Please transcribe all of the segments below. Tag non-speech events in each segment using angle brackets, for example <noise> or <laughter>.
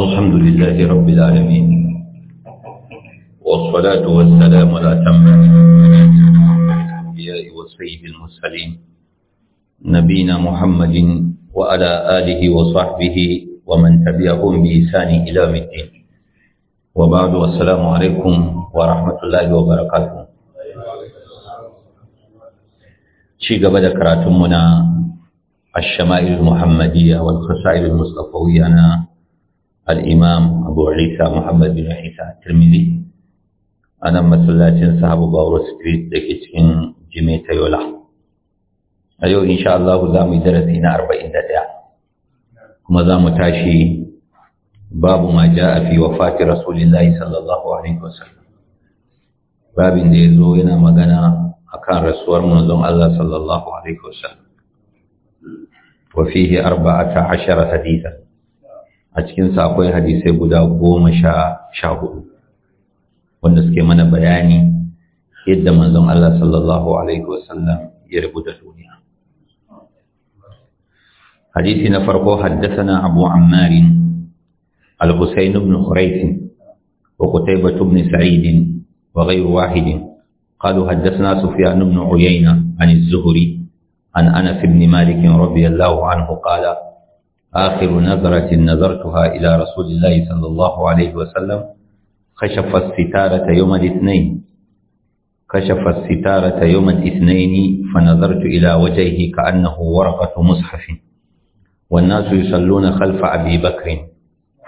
الحمد لله رب العالمين والصلاة والسلام على الأنبياء والسيد المرسلين نبينا محمد وعلى آله وصحبه ومن تبعهم بإحسان إلى الدين وبعد والسلام عليكم ورحمة الله وبركاته شيء قبل كراتمنا الشمائل المحمدية والخسائر المصطفوية al'imam abu isa muhammad bin isa tirmidhi a nan masallacin sahabu bawar street da ke cikin jime ta yola a yau insha Allah za mu yi darasi na arba'in da ɗaya kuma za mu tashi babu ma ja a fi wafati rasulillahi sallallahu alaihi wasallam babin da ya zo yana magana akan rasuwar manzon Allah sallallahu alaihi wasallam wa fihi arba'ata ashara a cikin sa akwai hadisai guda goma sha sha hudu wanda suke mana bayani yadda manzon Allah sallallahu alaihi wasallam ya rubu da duniya hadisi na farko haddathana abu ammar al-husayn ibn khuraith wa qutaybah ibn sa'id wa ghayr wahid qalu haddathana sufyan ibn uyayna عن الزهري عن أنس بن مالك رضي الله عنه قال آخر نظرة نظرتها إلى رسول الله صلى الله عليه وسلم كشف الستارة يوم الاثنين كشف الستارة يوم الاثنين فنظرت إلى وجهه كأنه ورقة مصحف والناس يصلون خلف أبي بكر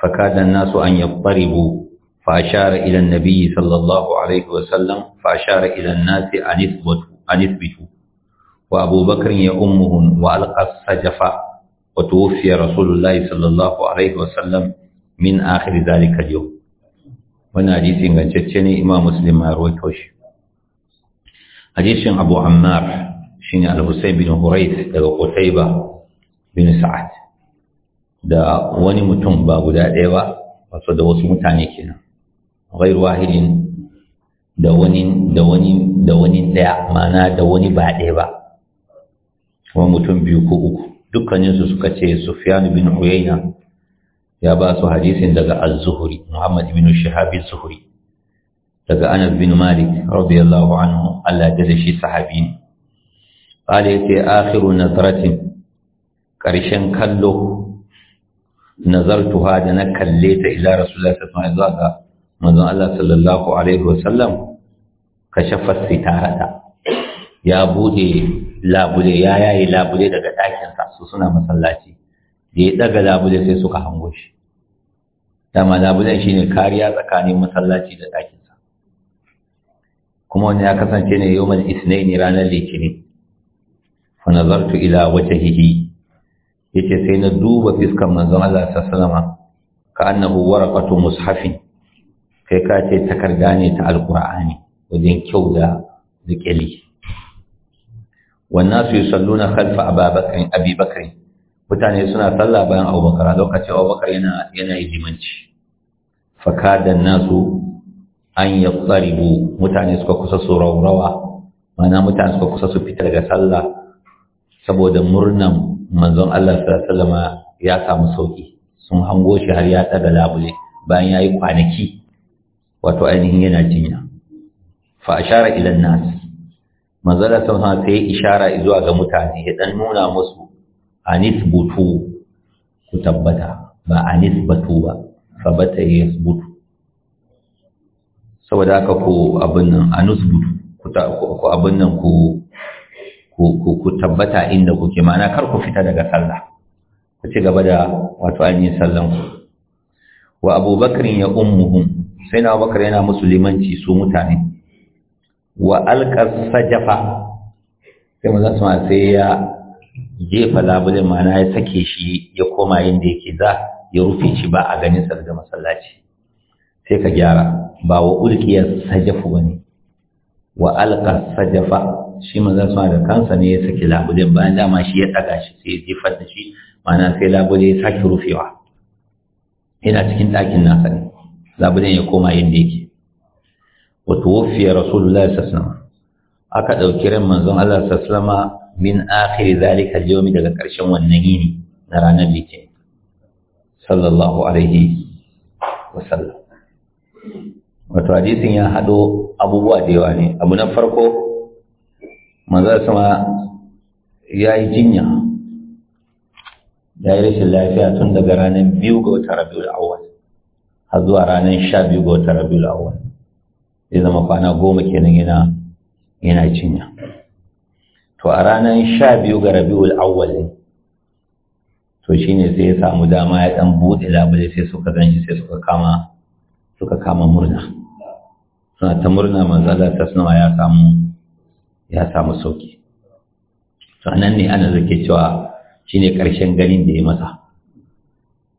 فكاد الناس أن يضطربوا فأشار إلى النبي صلى الله عليه وسلم فأشار إلى الناس أن اثبتوا, أن اثبتوا وأبو بكر يأمهم وألقى السجف وتوفي رسول الله صلى الله عليه وسلم من آخر ذلك اليوم وانا حديث انجتشني إمام مسلم روي توش حديث أبو عمار شين الحسين بن هريث لو قتيبة بن سعد da wani mutum ba guda ɗaya ba wasu da wasu mutane kenan غير واحد da wani da wani da wani daya ma'ana da wani ba ɗaya ba kuma mutum biyu ko uku dukkaninsu suka ce Sufyan bin Uyayna ya ba su hadisin daga Az-Zuhri Muhammad bin Shihab Az-Zuhri daga Anas bin Malik radiyallahu anhu Allah da shi sahabi ne qala yace akhiru nazratin karshen kallo nazartuha da na kalle ta ila rasulullahi sallallahu alaihi wasallam manzon Allah sallallahu alaihi wasallam kashafa sitarata ya bude labule ya yayi labule daga ɗakinsa su suna masallaci da ya ɗaga labule sai suka hango shi dama labulen shi ne kariya tsakanin masallaci da ɗakinsa kuma wani ya kasance ne yau mai isnai ne ranar litinin fanazartu ila wata hihi ya ce sai na duba fiskan manzon Allah sassalama ka annahu warakatu mushafin kai ka ce takarda ne ta alkur'ani wajen kyau da zikeli wannan su yusalluna khalfa ababakar abi bakr mutane suna sallah bayan abubakar a lokacin abubakar yana yana limanci da nasu an yattaribu mutane suka kusa su raurawa mana mutane suka kusa su fita daga sallah saboda murnan manzon Allah Sallama ya samu sauki sun hango shi har ya tsada labule bayan yayi kwanaki wato ainihin yana jinya fa ashara ila nasu. manzala sun ha sai ishara zuwa ga mutane ya dan nuna musu anis butu ku tabbata ba anis batu ba fa bata yasbutu saboda haka ko abin nan anus butu ku abin nan ku ku tabbata inda kuke mana kar ku fita daga sallah ku ci gaba da wato ainihin sallan ku wa abubakar ya ummuhum sai na abubakar yana musulmanci su mutane wa alƙar sajafa sai maza su sai ya jefa labulin mana ya sake shi ya koma yadda yake za ya rufe shi ba a ganin sarga masallaci sai ka gyara ba wa ulkiya sajafu wani wa alƙar sajafa shi maza su da kansa ne ya sake labulin bayan dama shi ya ɗaga shi sai ya jefa da shi mana sai labulin ya sake rufewa yana cikin ɗakin nasa ne labulin ya koma yadda yake Wato tuwfiya rasulullahi sallallahu alaihi wasallam aka dauki ran manzon Allah sallallahu alaihi wasallam min akhir zalika al daga karshen wannan yini na ranar litinin sallallahu alaihi wasallam wato hadisin ya hado abubuwa da yawa ne abu na farko manzon sama ya yi jinya ya yi rashin lafiya tun daga ranar biyu ga wata rabiul zuwa ranar sha biyu ga wata zai zama kwana goma kenan yana yana cinya to a ranar sha biyu ga rabiul awwal to shine sai ya samu dama ya dan bude labule sai suka ganshi sai suka kama suka kama murna suna ta murna Allah ta sanawa ya samu ya samu sauki to nan ne ana zake cewa shine karshen ganin da ya masa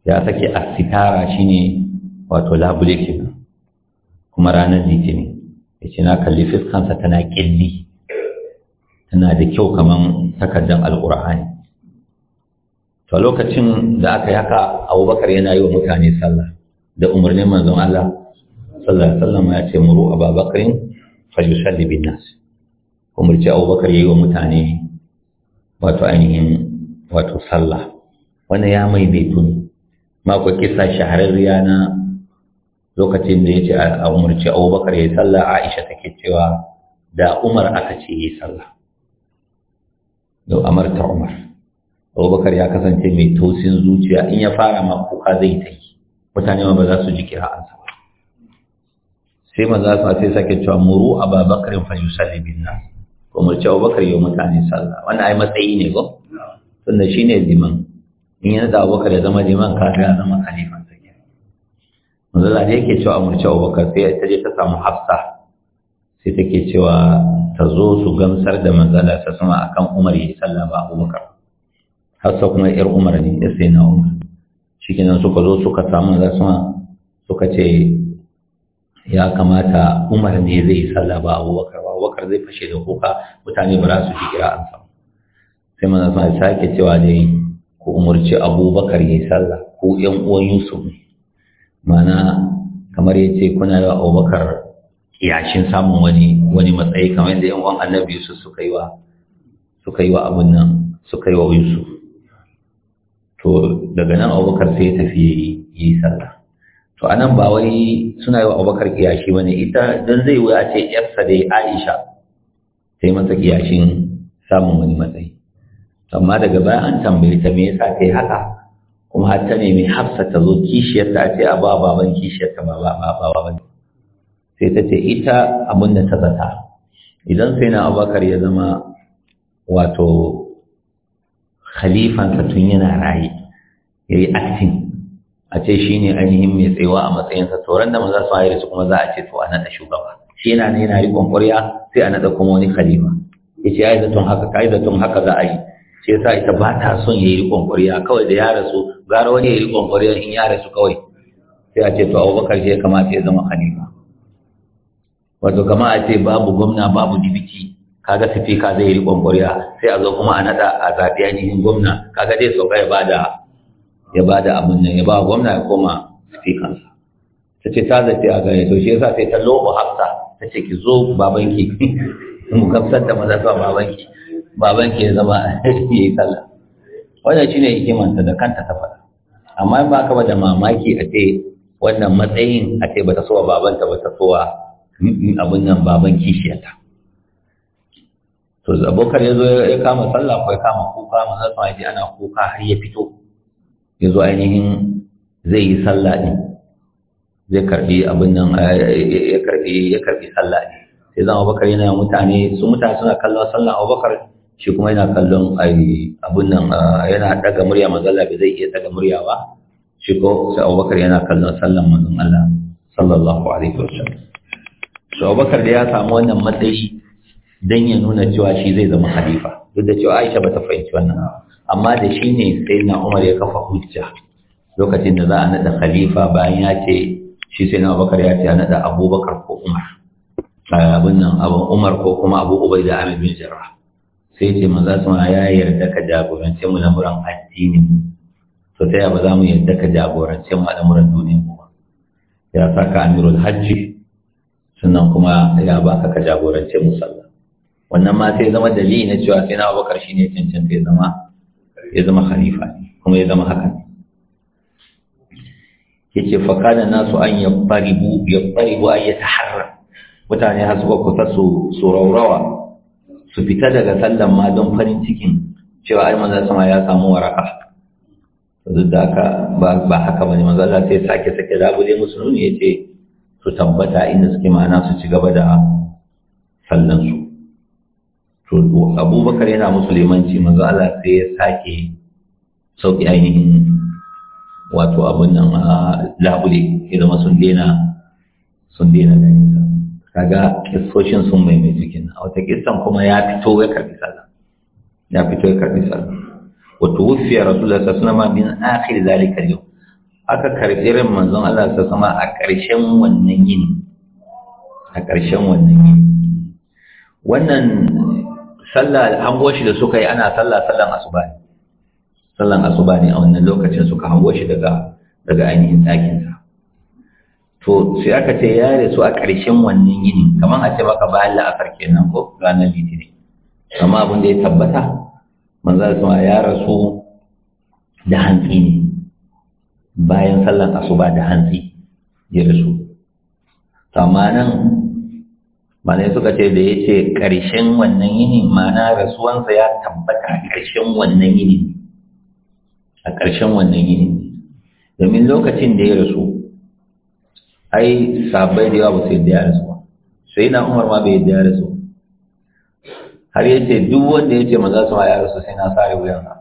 ya sake asitara shine wato labule kenan kuma ranar litinin ya ce na kalli fiskansa tana ƙilli tana da kyau kamar takardar alkur'ani to lokacin da aka yi haka abubakar yana yi wa mutane sallah da umarnin manzon Allah sallallahu alaihi ya ce muru ababakarin falyusalli bin nas umarci abubakar ya yi wa mutane wato ainihin wato sallah wannan ya mai zaituni ma kwa kisa shahararriya na lokacin da ya ce a Umarci Abubakar ya yi sallah Aisha take cewa da Umar aka ce yi sallah da amarta Umar Abubakar ya kasance mai tausin zuciya in ya fara ma kuka zai ta yi mutane ma ba za su ji kira'ansa ba sai maza su sai sake cewa muru ababakarin fa yusalli bin nas umarci abubakar yau mutane sallah wanda ai matsayi ne ko tunda shi ne liman in yana da abubakar ya zama liman ka ga zama khalifa manzo da yake cewa amurci Abubakar sai ta je ta samu Hafsa sai ta ke cewa ta zo su gamsar da manzala ta sama akan Umar ya sallama Abubakar Hafsa kuma yar Umar ne ya sai na Umar nan suka zo suka samu manzala sama suka ce ya kamata Umar ne zai sallama Abubakar ba Abubakar zai fashe da kuka mutane ba za su ji kira an samu sai manzala ta ke sake cewa dai ku umarci Abubakar ya sallah ko ƴan uwan Yusuf ne mana kamar ya ce kuna da abubakar yashin samun wani wani matsayi kamar yadda yan uwan annabi su, suka yi wa suka yi wa abun nan suka yi wa yusuf to daga nan abubakar sai ya tafi yi sallah to anan ba wai suna yi wa abubakar kiyashi ne ita don zai wuya ce yarsa dai aisha sai masa kiyashin samun wani matsayi amma daga baya an tambaye ta me yasa kai haka kuma har ta nemi hafsa ta zo kishiyarta a ce a ba baban kishiyarta ba ba ba sai ta ce ita abin da ta zata idan sai na abubakar ya zama wato khalifansa tun yana raye ya yi acting a ce shi ne ainihin mai tsayuwa a matsayinsa tauran da maza su hayar su kuma za a ce to a naɗa shugaba shi yana ne yana riƙon ƙwarya sai a naɗa kuma wani khalifa ya ce ai zaton haka ka zaton haka za a yi ya yasa ita ba ta son ya yi riƙon kawai da ya rasu gara wani ya yi riƙon in ya rasu kawai sai a ce to abubakar shi ya kamata ya zama khalifa wato kama a ce babu gwamna babu dibiti kaga ka zai yi ƙwanƙwariya sai a zo kuma a naɗa a zaɓi ainihin gwamna kaga dai sauka ya bada ya bada abin nan ya ba gwamna ya koma sifikansa ta ce ta zace a gare to shi yasa sai ta lobo hafsa ta ce ki zo babanki <laughs> mu gamsar da maza zuwa babanki baban ke zama <laughs> ya yi sallah wannan shine hikimanta da kanta ta faɗa amma ba ka da mamaki a ce wannan matsayin a ce ba ta sowa babanta ba ta sowa abin nan baban kishiyata. to abokar ya zo ya kama sallah ko ya kama kuka manzon sama ya ana kuka har ya fito ya zo ainihin zai yi sallah ɗin zai karbi abin nan ya karbi ya karbi sallah ɗin sai zama abubakar yana mutane su mutane suna kallon sallah abubakar shi kuma yana kallon abun nan yana daga murya manzala bai zai iya daga murya ba shi ko sai abubakar yana kallon sallan manzon Allah sallallahu alaihi wasallam so abubakar da ya samu wannan matsayi dan ya nuna cewa shi zai zama Khalifa. duk da cewa Aisha bata fahimci wannan amma da shi ne sai na Umar ya kafa hujja lokacin da za a nada khalifa bayan ya ce shi sai na Abubakar ya ce a nada Abubakar ko Umar abin nan abu Umar ko kuma Abu Ubaida Amir bin Jarrah sai ce maza su ma ya yarda ka jagorance mu lamuran addini to ta ba za mu yarda ka jagorance mu lamuran duniya ba ya sa ka amirul hajji sannan kuma ya ba ka jagorance mu sallah wannan ma sai zama dalili na cewa sai na abubakar shine cancanta ya zama ya zama khalifa kuma ya zama haka yace fa kana nasu an yabbaribu yabbaribu ayyata harra? mutane har suka kusa su raurawa su fita daga sallan ma don farin cikin cewa ai sama ya samu waraka duk da haka ba haka bane manzon Allah sai sake sake labule musu nuni yace su tabbata inda suke ma'ana su ci gaba da sallan su to Abubakar yana musulmanci maza Allah sai ya sake sauki ainihin wato abun nan ah, labule ya zama sun daina sun daina ganin kaga kissoshin sun maimaitu kenan a wata kissan kuma ya fito ya karbi sallah ya fito ya karbi sallah wa tuwfiya rasulullah sallallahu alaihi wasallam min akhir zalika al-yawm aka karbi ran manzon Allah sallallahu alaihi wasallam a karshen wannan yini a karshen wannan yini wannan sallah hango shi da suka yi ana sallah sallan asuba ne sallan asuba ne a wannan lokacin suka hango shi daga daga ainihin ɗakinsa to sai aka ce ya rasu a ƙarshen wannan yini kamar a ce maka ba a farke nan ko ranar litinin amma abin da ya tabbata manzan sama ya rasu da hantsi ne bayan sallan asuba da hantsi ya rasu to amma nan malai suka ce da ya ce ƙarshen wannan yini mana rasuwansa ya tabbata a ƙarshen wannan yini a ƙarshen wannan yini domin lokacin da ya rasu ai sabai da yawa ba su yadda ya rasu sai na umar ma bai yadda ya rasu har ya ce duk wanda ya ce maza su ya rasu sai na sare wuyansa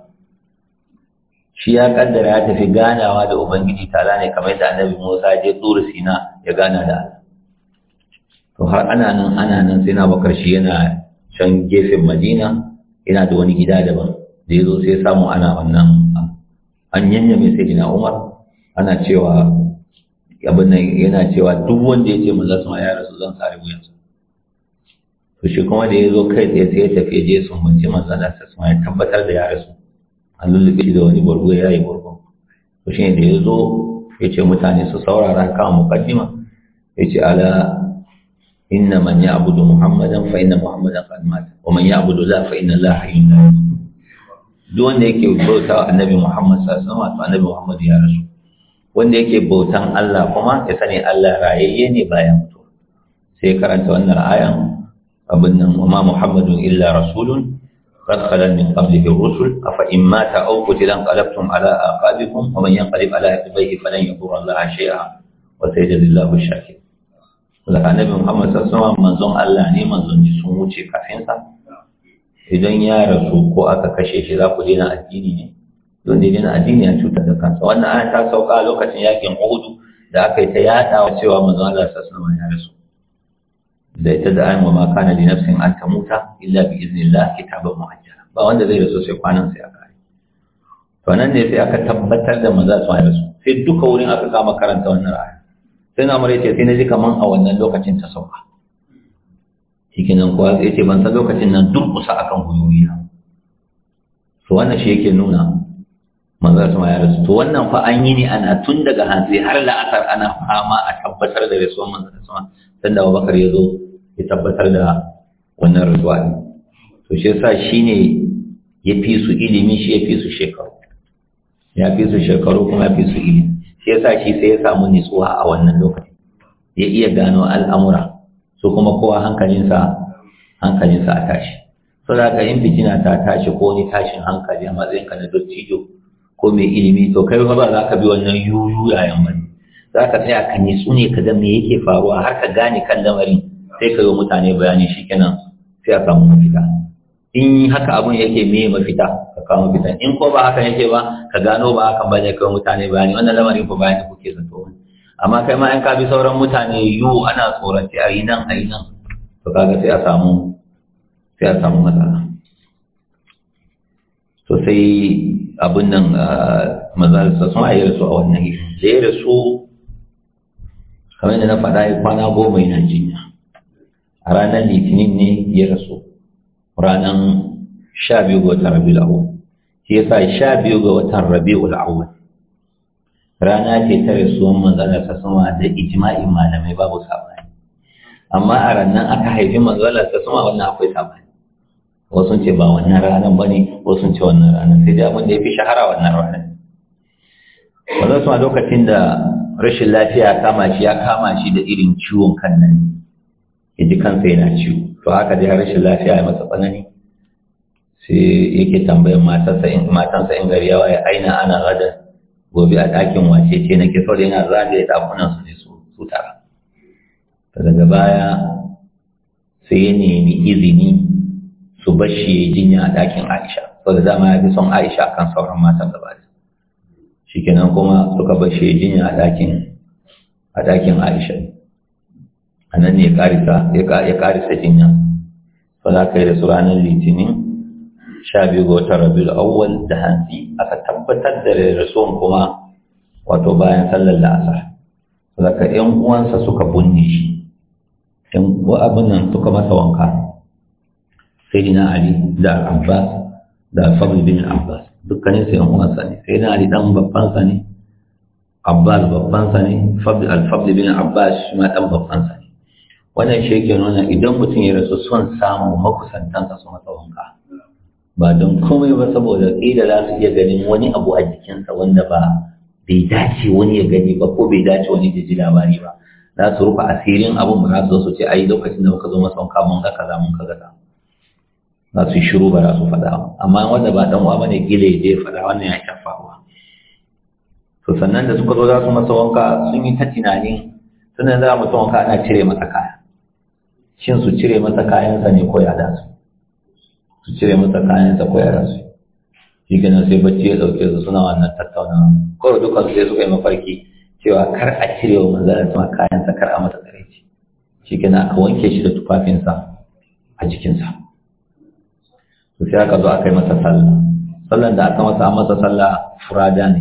shi ya kaddara ya tafi ganawa da ubangiji tala ne kamar yadda annabi musa ya je tsura sina ya gana da to har ana nan ana nan sai na bakar shi yana can gefen madina yana da wani gida daban da ya zo sai samu ana wannan an yanyame sai ina umar ana cewa abin nan yana cewa duk wanda ya ce zasu ma ya rasu zan sare yanzu to shi kuma da ya zo kai tsaye sai ya tafi je sun bance manzon su sa ya tabbatar da ya rasu an lullube shi da wani gurgu ya yi gurgu to shi ne da ya zo ya ce mutane su saurara kan mukaddima ya ce ala inna man ya'budu muhammadan fa inna muhammadan qad mat wa man ya'budu la fa inna la hayyun duk wanda yake bautawa annabi muhammad sallallahu alaihi wasallam to annabi muhammad ya rasu wanda yake bautan Allah kuma ya sani Allah rayayye ne bayan mutu sai karanta wannan ayan abin nan wa ma muhammadun illa rasulun qad khala min qablihi rusul afa in mata aw qutila qalabtum ala aqabikum wa man yanqalib ala aqibihi falan yadurra Allah shay'a wa sayajzillahu shakir daga annabi Muhammad sallallahu alaihi manzon Allah ne manzon ji sun wuce kafin sa idan ya rasu ko aka kashe shi za ku dena addini ne don dalilin addini ya cutar da kansa wannan aya ta sauka lokacin yakin Uhud da aka yi ta yadawa cewa manzon Allah sallallahu alaihi ya rasu da ita da ayin wa ma kana li nafsin an tamuta illa bi iznillah kitabun muajjal ba wanda zai rasu sai kwanan sai aka yi to nan ne sai aka tabbatar da manzon sallallahu alaihi rasu sai duka wurin aka kama karanta wannan aya sai na mare ce sai na ji kaman a wannan lokacin ta sauka shikenan kuwa sai ce ban san lokacin nan duk kusa akan huyoyi to wannan shi yake nuna su ma ya rasu to wannan fa an yi ne ana tun daga hantsi har la'asar ana fama a tabbatar da rasuwan manzon sama sanda Abubakar ya zo ya tabbatar da wannan rasuwa ne to shi yasa ne ya fi su ilimi shi ya fi su shekaru ya fi su shekaru kuma ya fi su ilimi shi yasa shi sai ya samu nitsuwa a wannan lokaci ya iya gano al'amura su kuma kowa hankalinsa hankalinsa a tashi saboda in fitina ta tashi ko ni tashin hankali a matsayinka na dottijo ko mai ilimi to kai ba za ka bi wannan yuyu yayan wani za ka tsaya ka nitsu ne ka ga me yake faruwa har ka gane kan lamarin sai ka yi mutane bayani shikenan sai a samu mafita in haka abun yake me mafita ka kawo mafita in ko ba haka yake ba ka gano ba haka ba ne kai mutane bayani wannan lamarin ko bayani kuke zato amma kai ma in ka bi sauran mutane yu ana tsoron sai a yi nan a yi nan to kaga sai a samu sai a samu matsala to sai abin nan manzan sa sun ayyar su a wannan yi da su kamar da na faɗa ya kwana goma yana jinya a ranar litinin ne ya rasu ranar sha biyu ga watan rabi awwal shi sa sha biyu ga watan rabi awwal rana ce ta rasuwan manzala ta sama da ijima'in malamai babu sabani amma a ranar aka haifi manzala ta sama wannan akwai sabani wasu ce ba wannan ranar ba ne wasu ce wannan ranar sai dai abin da ya fi shahara wannan ranar za su ma lokacin da rashin lafiya kama shi ya kama shi da irin ciwon kan nan ya ji kansa yana ciwo to haka dai rashin lafiya ya masa tsanani sai yake tambayar matansa in matansa in gari yawa ya aina ana gada gobe a ɗakin wace ce nake sau yana zagaye ɗakunan su ne su su daga baya sai ya nemi izini su bar shi jinya a ɗakin Aisha saboda dama ya fi son Aisha kan sauran matan gaba da nan kuma suka bar shi jinya a ɗakin a ɗakin Aisha a nan ne ya ƙarisa jinya ba za ka yi da su ranar litinin sha biyu ga watan rabiul awwal da hanzi aka tabbatar da rasuwan kuma wato bayan sallar la'asar zaka yan uwansa suka bunne shi yan abin nan suka masa wanka sayyidina ali da abbas da fadl bin abbas dukkanin sai uwan sa ne sayyidina ali dan babban sa ne abbas babban sa ne bin shi ma dan babban sa ne wannan shi yake nuna idan mutum ya rasu son samu makusantansa su masa wanka ba don komai ba saboda ƙila za su iya ganin wani abu a jikinsa wanda ba bai dace wani ya gani ba ko bai dace wani ya ji labari ba za su rufe asirin abun ba za su zo su ce ai lokacin da muka zo masa wanka mun ga kaza mun kaza za su yi shiru ba za su faɗa ba amma wanda ba ɗan uwa bane da ya faɗa wannan ya shafa ba. to sannan da suka zo za su masa wanka sun yi ta tunani sannan za mu wanka ana cire masa kaya shin su cire masa kayansa ne ko ya da su su cire masa kayansa ko ya da su shi kenan sai bacci ya ɗauke su suna wannan tattaunawa kawai dukkan sai suka yi mafarki cewa kar a cire wa manzalar sama kayansa kar a masa tsare shi kenan aka wanke shi da tufafinsa a jikinsa to sai aka zo aka yi masa sallah sallan da aka masa masa sallah furada ne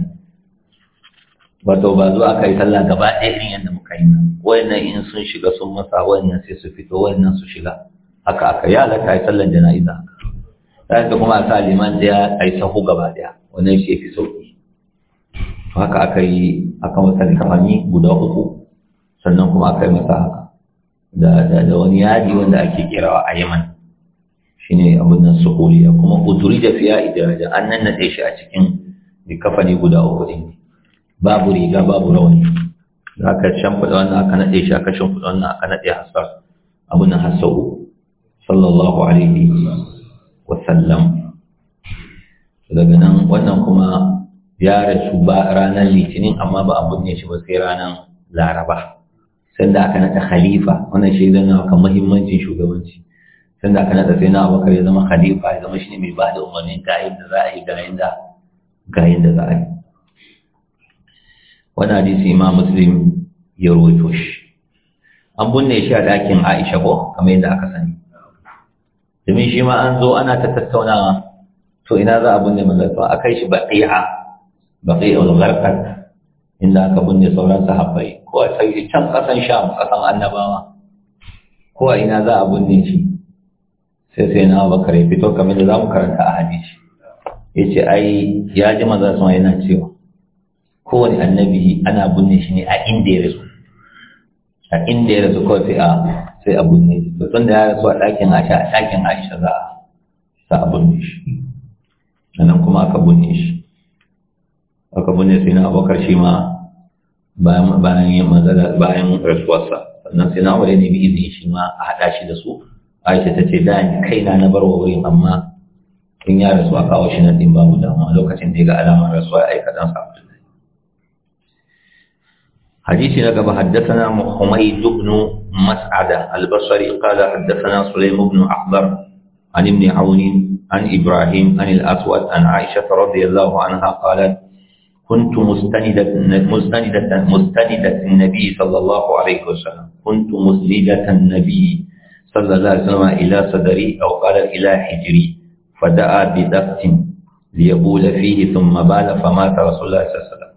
wato ba zo aka yi sallah gaba ɗaya irin yadda muka yi wannan in sun shiga sun masa wannan sai su fito wannan su shiga haka aka ya alaka yi sallan jana'iza haka sai da kuma sa liman da ya yi sahu gaba ɗaya wannan shi fi sauki haka aka yi aka masa likamani guda uku sannan kuma aka yi masa haka da wani yadi wanda ake kirawa a yaman shine abin nan suhuliya kuma kuduri da fiya idaraja an nan nade shi a cikin likafani guda uku din babu riga babu rawani da aka shimfiɗa wannan aka nade shi aka shimfiɗa wannan aka nade hasa abin nan hasa uku sallallahu alaihi wa sallam daga nan wannan kuma ya rasu ba ranar litinin amma ba abin ne shi ba sai ranar laraba sanda aka naɗa khalifa wannan shi zan haka muhimmancin shugabanci tunda aka nada sai na abakar ya zama khalifa ya zama shine mai ba da umarnin ga yadda za a yi ga yadda ga yadda za a yi wani hadisi ma muslim ya rubuto shi an binne shi a ɗakin aisha ko kamar yadda aka sani domin shi ma an zo ana ta tattaunawa to ina za a binne manzo a kai shi baqi'a baqi'ul gharqat inda aka binne sauran sahabbai ko a sai can kasan sham kasan annabawa ko a ina za a binne shi sai sai na bakar ya fito kamar da za mu karanta a hadisi ya ce ai ya ji maza su yana cewa kowane annabi ana binne shi ne a inda ya rasu a inda ya rasu kawai sai a sai a binne shi to tun da ya rasu a ɗakin aisha a ɗakin aisha za a a binne shi sannan kuma aka binne shi aka binne sai na abokar shi ma bayan bayan yin manzala bayan rasuwarsa sannan sai na wani ne bi izini shi ma a haɗa shi da su aisha ta ce da ni kaina na bar wa wurin amma in ya rasu a kawo shi nan din babu damuwa lokacin da ya ga alamar rasuwa ai ka dan sa حديث لقب حدثنا حميد بن مسعدة البصري قال حدثنا سليم بن أخضر عن ابن عون عن إبراهيم عن الأسود عن عائشة رضي الله عنها قالت كنت مستندة مستندة مستندة النبي صلى الله عليه وسلم كنت مسندة النبي صلى الله عليه وسلم إلى صدري أو قال إلى حجري فدعا بدقت ليبول فيه ثم بال فمات رسول الله صلى الله عليه وسلم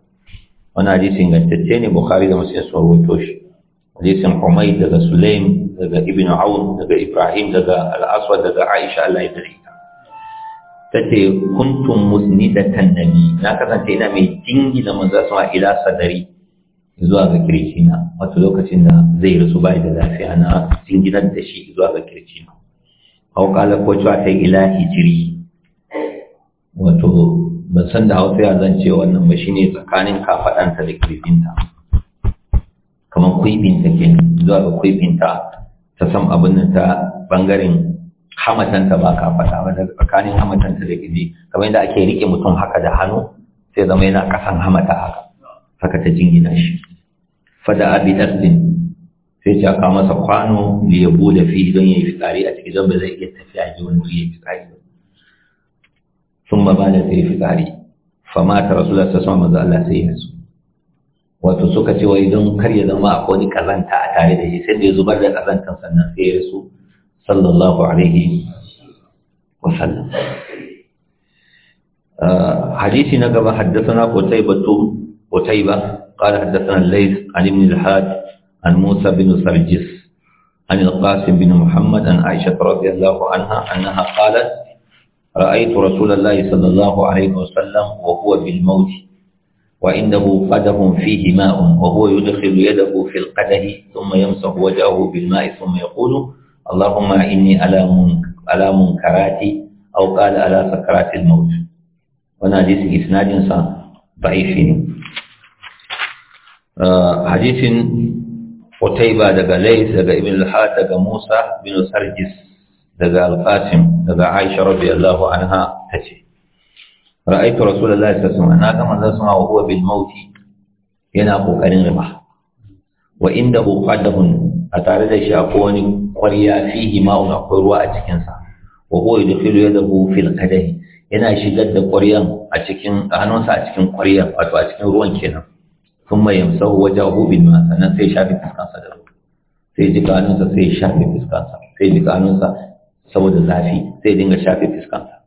wani hadisin gantattene bukhari da musulun sun rubuto shi hadisin humai daga sulaim daga ibn aun daga ibrahim daga al'aswa daga aisha allah Tace kuntun ta ta ce kuntum musni da tannani na kasance ina mai jingina manzo sama ila sadari zuwa ga na, wato lokacin da zai rasu bai da lafiya na gidan da shi zuwa ga na. hau kala ko cewa ta ila hijiri wato ban san da hausa ya zan ce wannan ba shine tsakanin kafaɗanta da kirjinta kamar kuibinta ke zuwa ga kuibinta ta san abin nan ta bangaren hamatanta ba kafaɗa ba tsakanin hamatanta da kirji kamar yadda ake riƙe mutum haka da hannu sai zama yana ƙasan hamata haka haka ta jingina shi fada abi dardin sai ta ka masa kwano da ya bude fi don ya yi fitsari a cikin don ba zai iya tafiya ji wani wuri ya yi fitsari sun ba bada sai fitsari Fa ta rasulullah ta sama wasallam Allah sai ya su wato suka ce wai don kar ya zama akwai wani kazanta a tare da shi sai da ya zubar da kazantan sannan sai ya rasu sallallahu alaihi wa sallam. Ah, na gaba haddasa na kotai قتيبة قتيبة قال حدثنا الليث عن ابن الحاج عن موسى بن سرجس عن القاسم بن محمد عن عائشة رضي الله عنها أنها قالت رأيت رسول الله صلى الله عليه وسلم وهو بالموت وعنده قدح فيه ماء وهو يدخل يده في القدح ثم يمسح وجهه بالماء ثم يقول اللهم إني على منكراتي أو قال على سكرات الموت وانا حديث إسناد ضعيف hadisin Qutayba daga Lays daga Ibn al-Had daga Musa bin Sarjis daga Al-Qasim daga Aisha radiyallahu anha tace ra'aytu Rasulullahi sallallahu alaihi wasallam na manzon wa huwa bil mauti yana kokarin riba wa inda qadahun a tare da shi akwai wani ƙwarya fihi ma'un akwai ruwa a cikin sa wa huwa yadkhilu yadahu fil qadahi yana shigar da kwaryan a cikin hannunsa a cikin ƙwaryan wato a cikin ruwan kenan thumma yamsahu wajahu bil ma sannan sai shafi fuskansa da ruwa sai jika hannunsa sai shafi fuskansa sai jika hannunsa saboda zafi sai dinga shafi fuskansa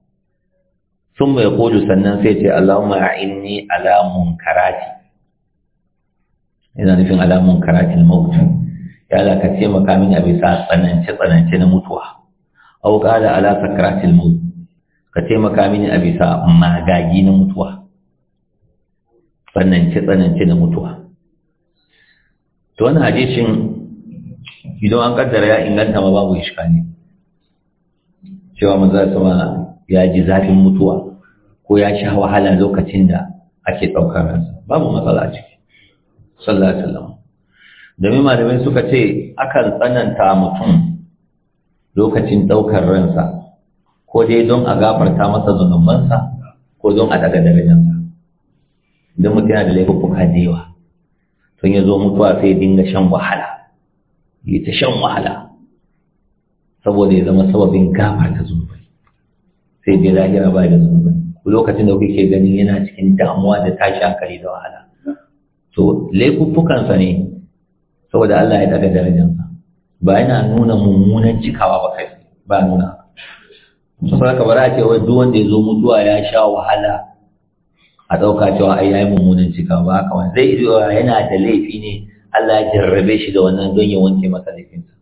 sun mai kodu sannan sai ce allahumma a'inni ala munkarati yana nufin ala munkaratil maut ya Allah ka taimaka mini a bisa tsanance tsanance na mutuwa aw qala ala sakaratil maut ka taimaka mini abin sa magagi na mutuwa tsanance tsananci na mutuwa to wani hadisin idan an kaddara ya inganta ma babu iskani cewa maza sama ya ji zafin mutuwa ko ya sha wahala lokacin da ake ɗaukar ransa babu matsala a ciki sallallahu alaihi wasallam domin malamai suka ce akan tsananta mutum lokacin ɗaukar ransa ko dai don a gafarta masa zunubansa ko don a daga darajarsa idan mutum yana da laifuffuka da yawa to ya zo mutuwa sai dinga shan wahala yi ta shan wahala saboda ya zama sababin ta zunubai sai dai lahira ba da zunubai lokacin da kuke ganin yana cikin damuwa da tashi hankali da wahala to laifuffukansa ne saboda Allah ya daga darajarsa ba yana nuna mummunan cikawa ba kai ba nuna saboda ka ce wai duk wanda ya zo mutuwa ya sha wahala a ɗauka cewa ai yayi mummunan cika ba haka wani zai iya yana da laifi ne Allah ya jarrabe shi da wannan don ya wanke masa laifinsa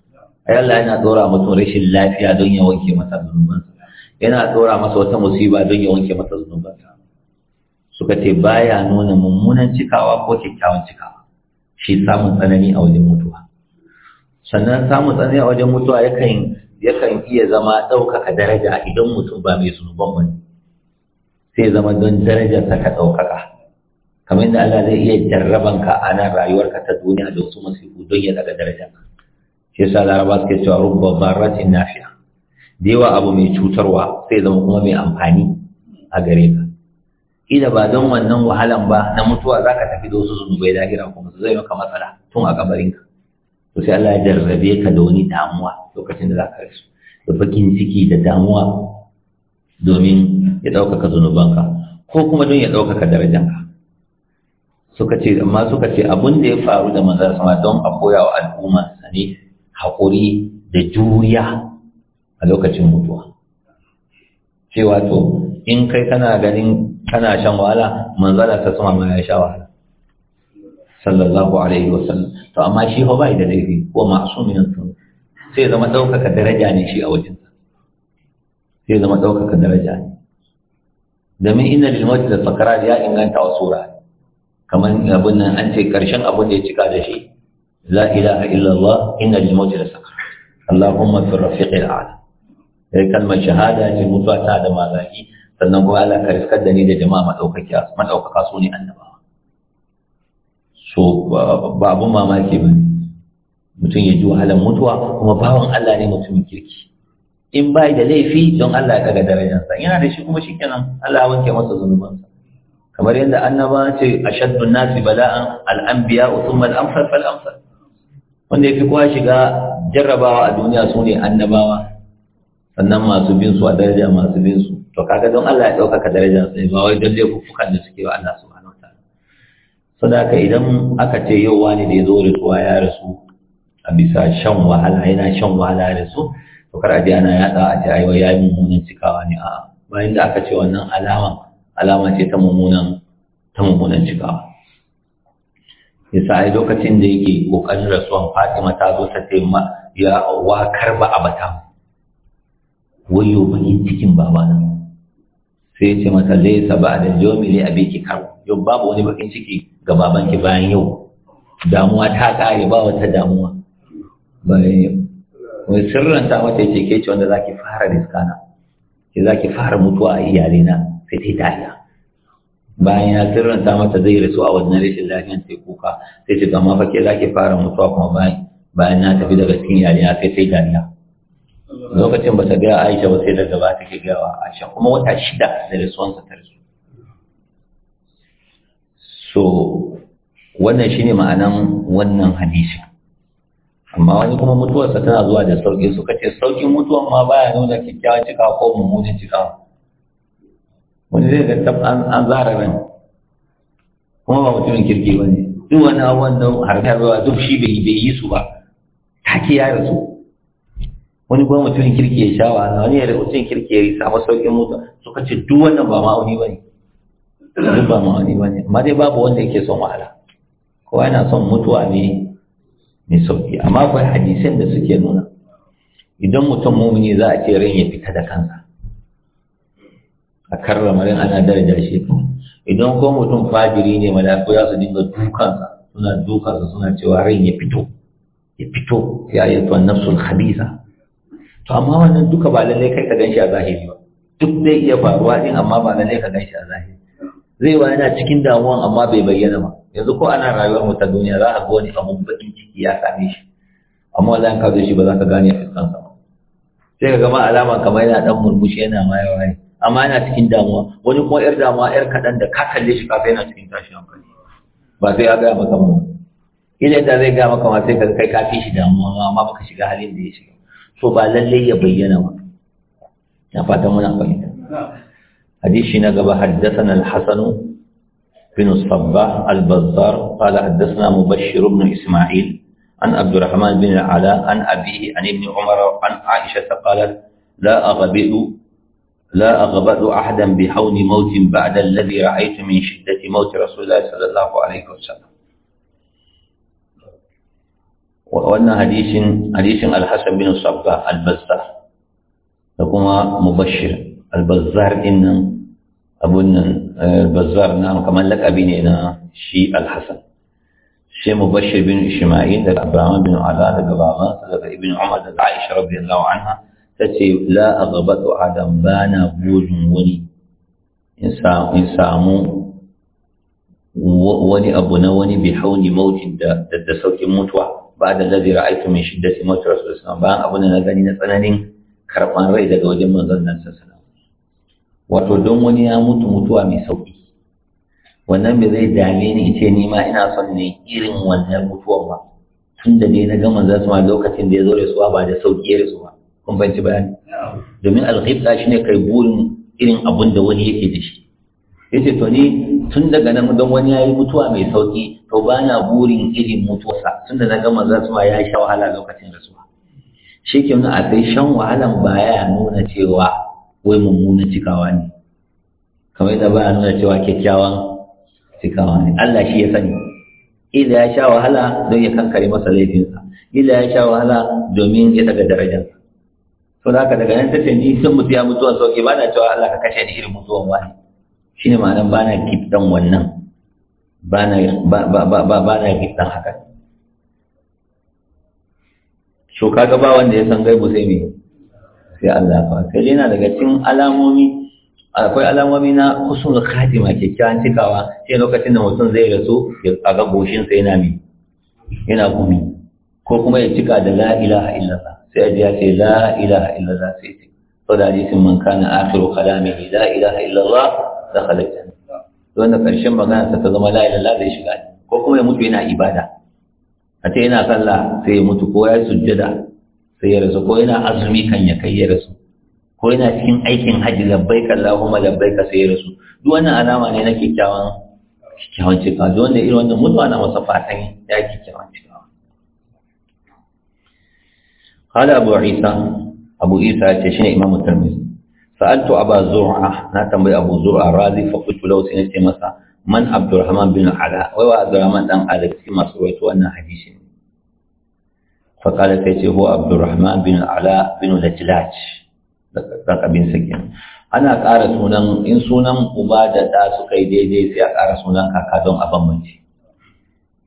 ai Allah yana tsora mutum rashin lafiya don ya wanke masa zunubansa yana tsora masa wata musiba don ya wanke masa zunubansa suka ce baya nuna mummunan cikawa ko kyakkyawan cikawa shi samun tsanani a wajen mutuwa sannan samun tsanani a wajen mutuwa yakan yakan iya zama ɗaukaka daraja idan mutum ba mai zunuban ba ne sai zama don darajarsa ta ɗaukaka kamar yadda Allah zai iya jarrabanka a nan rayuwarka ta duniya da wasu masifu don ya daga darajarka shi yasa laraba suke cewa rubba baratin nafiya da yawa abu mai cutarwa sai zama kuma mai amfani a gare ka ida ba don wannan wahalan ba na mutuwa za ka tafi da wasu zunubai lahira kuma su zai maka matsala tun a kabarinka to sai Allah ya jarrabe ka da wani damuwa lokacin da za ka rasu da bakin ciki da damuwa domin ya ɗaukaka zunubanka ko kuma don ya ɗaukaka darajanka suka ce amma suka ce abin da ya faru da manzon sama don a koya wa al'umma sani haƙuri da juriya a lokacin mutuwa cewa to in kai kana ganin kana shan wahala manzala ta sama ma ya sha wahala sallallahu alaihi sallam to amma shi fa bai da laifi ko ma'sumin tun sai zama ɗaukaka daraja ne shi a wajensa sai zama ɗaukaka daraja ne domin ina lil mawt da sakarar ya inganta wa sura kamar abin nan an ce karshen abin da ya cika da shi la ilaha illallah inna lil mawt da sakarat allahumma fi da a'la sai kalmar shahada ce mutuwa ta da malaki sannan kuma Allah ka riskar da ni da jama'a madaukaka madaukaka su ne annaba. so ba mamaki ba mutum ya ji wahalar mutuwa kuma bawan Allah ne mutumin kirki in bai da laifi don Allah ya daga darajarsa yana da shi kuma shikenan Allah ya wanke masa zunubansa kamar yadda annaba ce ashaddu nasi bala'an al-anbiya thumma al-amsal fal amsal wanda yake kowa shiga jarrabawa a duniya sune annabawa sannan masu bin su a daraja masu bin su to kaga don Allah ya ɗaukaka darajar sai ba wai don laifukan da suke wa Allah subhanahu wataala sadaka idan aka ce yau wani da ya zo rasuwa ya rasu a bisa shan wahala yana shan wahala ya rasu to kar a je ana yaɗa a ce aiwa ya yi mummunan cikawa ne a bayan da aka ce wannan alama alama ce ta mummunan ta mummunan cikawa yasa ai lokacin da yake kokarin rasuwan Fatima ta zo ta ce ma ya wa karba abata wayo bakin cikin babana sai ce mata laysa ba'da yawmi li abiki kar yau babu wani bakin ciki ga babanki bayan yau damuwa ta kare ba wata damuwa bayan mai sirranta mata ya ce ke ce wanda za ki fara riskana ke za fara mutuwa a iyalina sai ta yi dariya bayan ya ta mata zai rasu a wajen rashin lafiyan sai kuka sai ce gama fa ke za fara mutuwa kuma bayan bayan na tafi daga cikin iyalina sai ta yi dariya lokacin ba ta gaya aisha ba sai daga ba ta ke gaya wa aisha kuma wata shida da rasuwansa ta rasu so wannan shine ma'anan wannan hadisi amma wani kuma mutuwarsa tana zuwa da sauƙi suka ce sauƙin mutuwan ma baya nuna kyakkyawan cika ko mummunin cika wani zai ga an zara ran kuma ba mutumin kirki ba ne duk wani abubuwan da harkar zuwa duk shi bai yi su ba take ya rasu wani kuma mutumin kirki ya sha wahala wani ya mutumin kirki ya samu sauƙin mutu suka ce duk wannan ba ma'auni ba ne duk ba ma'auni ba ne amma dai babu wanda yake son wahala kowa yana son mutuwa ne mai sauƙi amma akwai hadisan da suke nuna idan mutum mumini za a ce ran ya fita da kansa a karrama ran ana daraja shi idan ko mutum fajiri ne malaku za su dinga dukansa suna dukansa suna cewa ran ya fito ya fito ya yi tuwa nafsul Habisa. to amma wannan duka ba lallai kai ka gan shi a zahiri ba duk zai iya faruwa din amma ba lallai ka gan shi a zahiri zai wa yana cikin damuwan amma bai bayyana ba yanzu ko ana rayuwar mu ta duniya za a ga wani abun bakin ciki ya same shi amma wallahi an zo shi ba za ka gane a fuskan ba. sai ka gama alama kamar yana dan murmushi yana ma yawa amma yana cikin damuwa wani kuma yar damuwa yar kadan da ka kalle shi kafa yana cikin tashi hankali ba sai ya ga maka mu idan da zai ga maka ma sai ka kai ka shi damuwa amma baka shiga halin da ya shiga so ba lallai ya bayyana ba na fatan muna fahimta حديث نقب حدثنا الحسن بن الصباح البزار قال حدثنا مبشر بن إسماعيل عن عبد الرحمن بن العلاء عن أبيه عن ابن عمر عن عائشة قالت لا أغبئ لا أغبأ أحدا بحون موت بعد الذي رأيت من شدة موت رسول الله صلى الله عليه وسلم وأن حديث حديث الحسن بن الصباح البزار لكما مبشر albazar din nan abun nan albazar na kamar lakabi ne na shi alhassan shi mubashir bin ishma'il daga abraham bin ala daga Baba, daga ibn umar daga aisha radiyallahu anha tace la aghbatu adam bana bujun wani in samu wani abu na wani bi hauni mautin da da saukin mutuwa ba da ladhi ra'aytu min shiddati mauti rasulullah ba abun da na gani na tsananin karban rai daga wajen manzon nan sallallahu wato don wani ya mutu mutuwa mai sauƙi wannan bai zai dame ni ce ni ma ina son ne irin wannan mutuwan ba tun da ne na gama za su ma lokacin da ya zo da suwa ba da sauƙi ya rasu ba kun fahimci bayani domin shi ne kai burin irin abun da wani yake da shi yace to ni tun daga nan don wani ya yi mutuwa mai sauƙi to ba na burin irin mutuwarsa tun da na gama za su ma ya sha wahala lokacin rasuwa shi ke nuna a sai shan wahalan baya nuna cewa wai mummunan cikawa ne kamar yadda ba nuna cewa kyakkyawan cikawa ne Allah shi ya sani ila ya sha wahala don ya kankare masa laifinsa ila ya sha wahala domin ya daga darajarsa to da haka daga nan ta ni sun mutu ya mutuwa sauki ba na cewa Allah ka kashe ni irin mutuwan wani shi ne ma'anar ba na gifɗan wannan ba na gifɗan haka so gaba wanda ya san gaibu sai mai sai Allah fa. sai yana daga cikin alamomi akwai alamomi na husnul khatima kyakkyawan cikawa sai lokacin da mutum zai rasu ya ga goshin sai yana mi yana gumi ko kuma ya cika da la ilaha illallah sai ya ce la ilaha illallah sai ce saboda hadisin man kana akhiru kalamihi la ilaha illallah dakhala jannah wanda karshen magana ta zama la ilaha zai shiga ko kuma ya mutu yana ibada a ce yana sallah sai ya mutu ko ya sujjada sai ya yana azumi kan ya kai ya rasu ko yana cikin aikin hajji labbai kan lahuma labbai ka sai ya rasu duk wannan alama ne na kyakkyawan kyakkyawan cika duk wanda irin wanda mutuwa na masa fatan ya kyakkyawan cika hada isa abu isa ya ce shine imamu tarmis sa'altu aba zur'a na tambayi abu zur'a razi fa kutu lau na ce masa man abdurrahman bin ala wai wa abdurrahman dan ala cikin masu rawaito wannan hadisi ne faƙala sai ce ho abdurrahman bin ala bin lajlaj rakabin sakin ana kara sunan in sunan uba da ɗa su daidai sai a kara sunan kaka don a bambance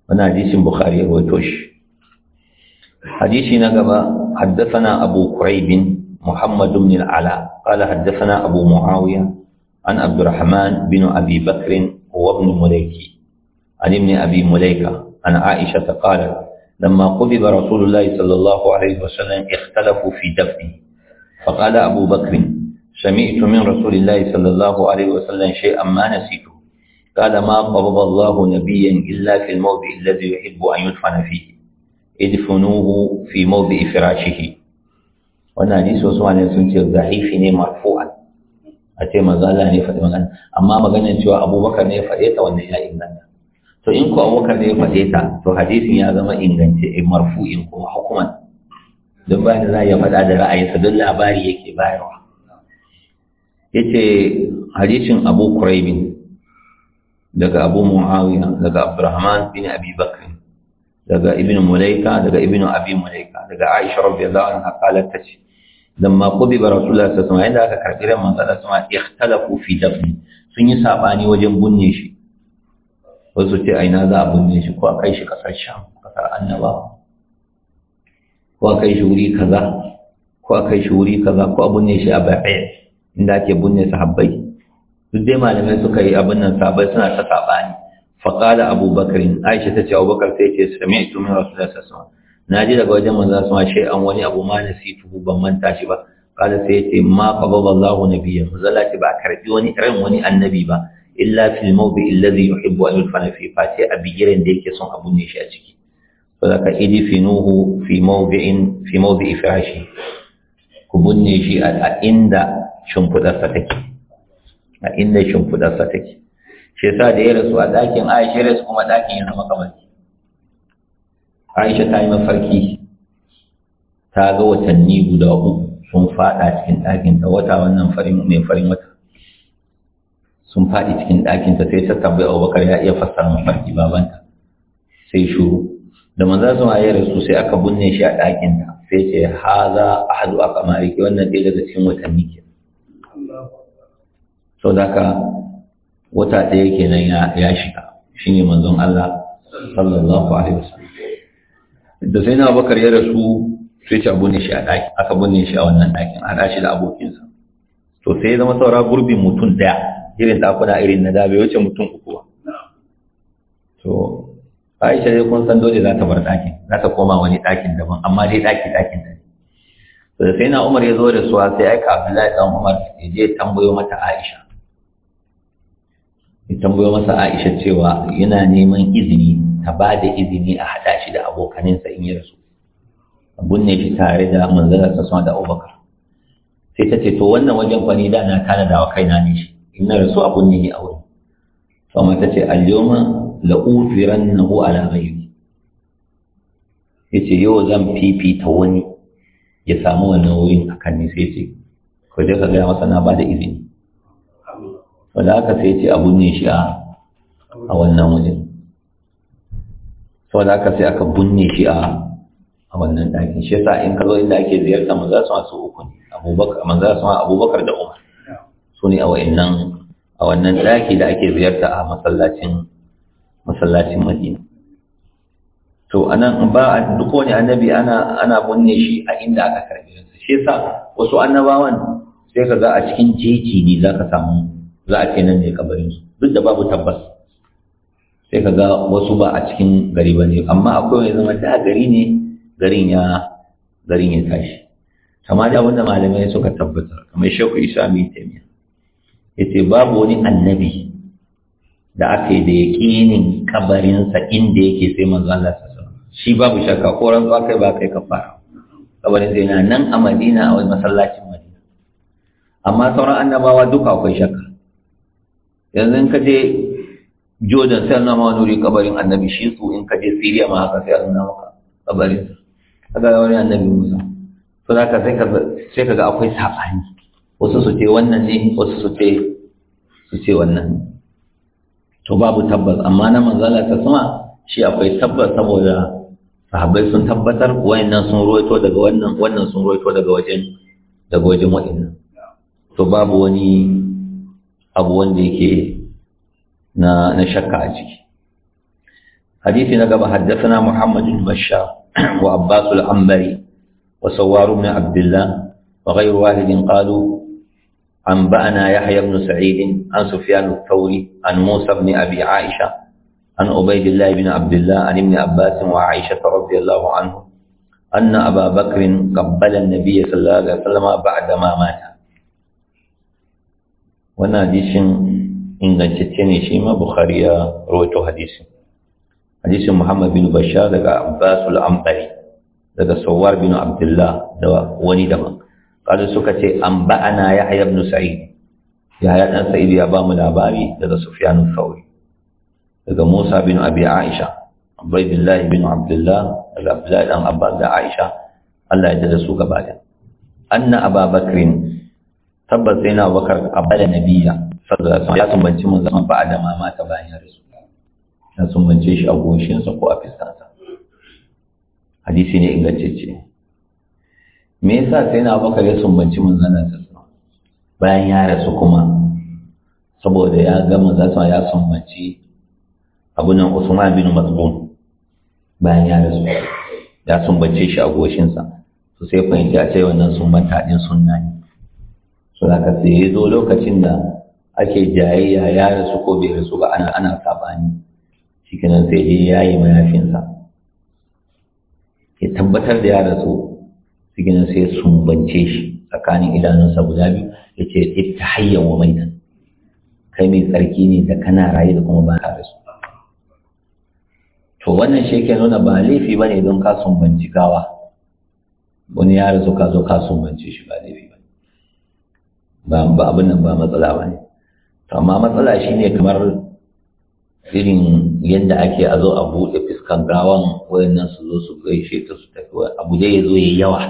wani hadisin bukhari ya rawaito shi hadisi na gaba حدثنا أبو كريب محمد بن العلاء قال حدثنا أبو معاوية عن عبد الرحمن بن أبي بكر هو ابن مليكي عن ابن أبي مليكة عن عائشة قالت لما قبض رسول الله صلى الله عليه وسلم اختلفوا في دفنه فقال أبو بكر سمعت من رسول الله صلى الله عليه وسلم شيئا ما نسيته قال ما قبض الله نبيا إلا في الموضع الذي يحب أن يدفن فيه ادفنوه في موضع فراشه wannan hadisi wasu wani sun ce zahifi ne marfu'an a ce manzo Allah ne faɗi magana amma maganar cewa Abubakar ne ya faɗe ta wannan ya inganta to in ko abokan ne ya faɗe ta to hadisin ya zama ingance in eh, marfu'in kuma hukuman don ba da za ya faɗa da ra'ayinsa don labari yake bayarwa ya ce hadisin abu kuraibin daga abu muawiya daga abdurrahman bin abi bakr daga ibn mulaika daga ibn abi mulaika daga aisha radiyallahu anha qalat tace lamma qubida rasulullah sallallahu alaihi wasallam inda aka karbi ran manzo sallallahu alaihi wasallam ikhtalafu fi dafni sun yi sabani wajen bunne shi wasu ce ina za a binne shi ko a kai shi kasar sham kasar annaba ko a kai shi wuri kaza ko a kai shi wuri kaza ko a binne shi a ba'i inda ake binne sahabbai duk dai malamai suka yi abin nan sahabbai suna ta sabani faqala abubakar aisha ta ce abubakar sai ce sami'tu min rasulullahi sallallahu alaihi wasallam naji daga wajen manzo sallallahu alaihi wasallam an wani abu ma nasituhu ban manta shi ba kada sai ya ce ma qabala Allahu nabiyyan zalati ba karbi wani irin wani annabi ba illa fil mawdi alladhi yuhibbu an yudfana fi fati a bi bigiren da yake son a bunne shi a ciki to da ka idfinuhu fi mawdi'in fi mawdi'i firashi ku bunne shi a inda shimfidarsa take a inda shimfidarsa take shi yasa da ya rasu a dakin Aisha rasu kuma dakin ya zama kamar Aisha ta yi mafarki ta ga watanni guda uku sun fada cikin ɗakin ta wata wannan farin mai farin wata sun faɗi cikin ɗakinta sai ta tambayi abubakar ya iya fassara farki babanta sai shuru da manza su ma ya rasu sai aka binne shi a ɗakinta sai ce ha za a kamari wannan ɗaya daga cikin watanni ke sau da ka wata ɗaya kenan ya shiga ne manzon Allah sallallahu alaihi wasallam da sai na abubakar ya rasu sai ce a binne shi a ɗaki aka binne shi a wannan ɗakin da shi da abokinsa to sai zama saura gurbin mutum ɗaya irin ɗakuna irin na dabe wuce mutum uku ba to aisha dai kun san dole za ta bar ɗakin za ta koma wani ɗakin daban amma dai ɗaki ɗakin da to da sai na umar ya zo da suwa sai aika abdullahi ɗan umar ya je tambayo mata aisha ya tambayo masa aisha cewa yana neman izini ta ba da izini a haɗa shi da abokaninsa in yi rasu abun ne shi tare da manzalar sassan da abubakar sai ta ce to wannan wajen kwani da na tana da wa kaina ne shi inna rasu a kunne ne a wurin sama ta ce aljoma la'ufiran na hu alamai ya ce yau zan fifita wani ya samu wannan wurin a kan nisa ce ko je ka gaya masa na ba da izini wadda aka sai ce abun ne shi a wannan wajen saboda aka sai aka bunne shi a a wannan ɗakin shi yasa in ka zo inda ake ziyarta manzo sun su uku ne abubakar manzo abubakar da umar su ne a wa'annan a wannan ɗaki da ake ziyarta a masallacin masallacin madina to anan ba duk wani annabi ana ana bunne shi a inda aka karbe shi shi yasa wasu annabawan sai ka ga a cikin jeji ne za ka samu za a ce nan ne kabarin su duk da babu tabbas sai ka ga wasu ba a cikin gari ba ne amma akwai wani zama da gari ne garin ya garin ya tashi kamar da wanda malamai suka tabbatar kamar shekku isa mai taimiyya yace babu wani annabi da aka yi da yaqinin kabarinsa inda yake sai manzo Allah sallallahu shi babu shakka ko ran zuwa kai ba kai kafara kabarin sai nan a Madina a wani masallacin Madina amma sauran annabawa duka akwai shakka yanzu in kaje Jordan sai na ma nuri kabarin annabi shi su in kaje Syria ma haka sai Allah maka kabarin kaga wani annabi Musa to ka sai ka sai kaga akwai sabani wasu su ce wannan ne wasu su ce su ce wannan to babu tabbas amma na manzala ta sama shi akwai tabbas saboda sahabbai sun tabbatar wayannan sun roito daga wannan wannan sun roito daga wajen daga wajen wayannan to babu wani abu wanda yake na na shakka a ciki hadisi na gaba haddathana Muhammad bin Bashar wa Abbasul al-Anbari wa Sawwar ibn Abdullah wa ghayr qalu an ba'ana yahya ibn sa'id an sufyan al-thawri an musa ibn aisha an ubaydillah ibn abdullah an ibn abbas wa aisha radiyallahu anhu anna aba bakr qabbala an-nabiy sallallahu alaihi wasallam ba'da ma mata wannan hadisin ingantacce ne shi ma bukhari ya hadisi hadisin muhammad bin bashar daga abbas al daga sawar bin abdullah da wani daban kada suka ce an ba'ana ya hayar nusa'i ya hayar ɗan sa'idu ya bamu labari daga sufiyanun sauri daga musa bin abi aisha abai bin lahi bin abdullah daga abdullahi dan abbas da aisha allah ya tada su gaba da an na tabbas sai na abada na biya ya sumbanci mun zama ba'a da mama ta bayan ya rasu ya sumbance shi a goshinsa ko a fiskansa hadisi ne ingantacce me yasa sai na bakar ya sumbanci manzon Allah sallallahu bayan ya rasu kuma saboda ya ga manzon ya sumbanci abunan Usman bin Mas'ud bayan ya rasu ya sumbance shi a goshinsa su sai fahimci a ce wannan mata din sunna ne su da ka sai zo lokacin da ake jayayya ya rasu ko bai rasu ba ana ana sabani shikenan sai je yayi mayafinsa ya tabbatar da ya rasu siginin sai sumbance shi tsakanin idanunsa guda biyu ya ce ita hayyan wa maita kai mai tsarki ne da kana raye da kuma ba ka rasu to wannan shi nuna ba laifi ba ne don ka sumbanci gawa wani ya rasu ka zo ka sumbance shi ba laifi ba ba abin nan ba matsala ba ne to amma matsala shi ne kamar irin yadda ake a zo a buɗe fuskan gawan wayannan su zo su gaishe ta su tafi abu dai ya zo ya yawa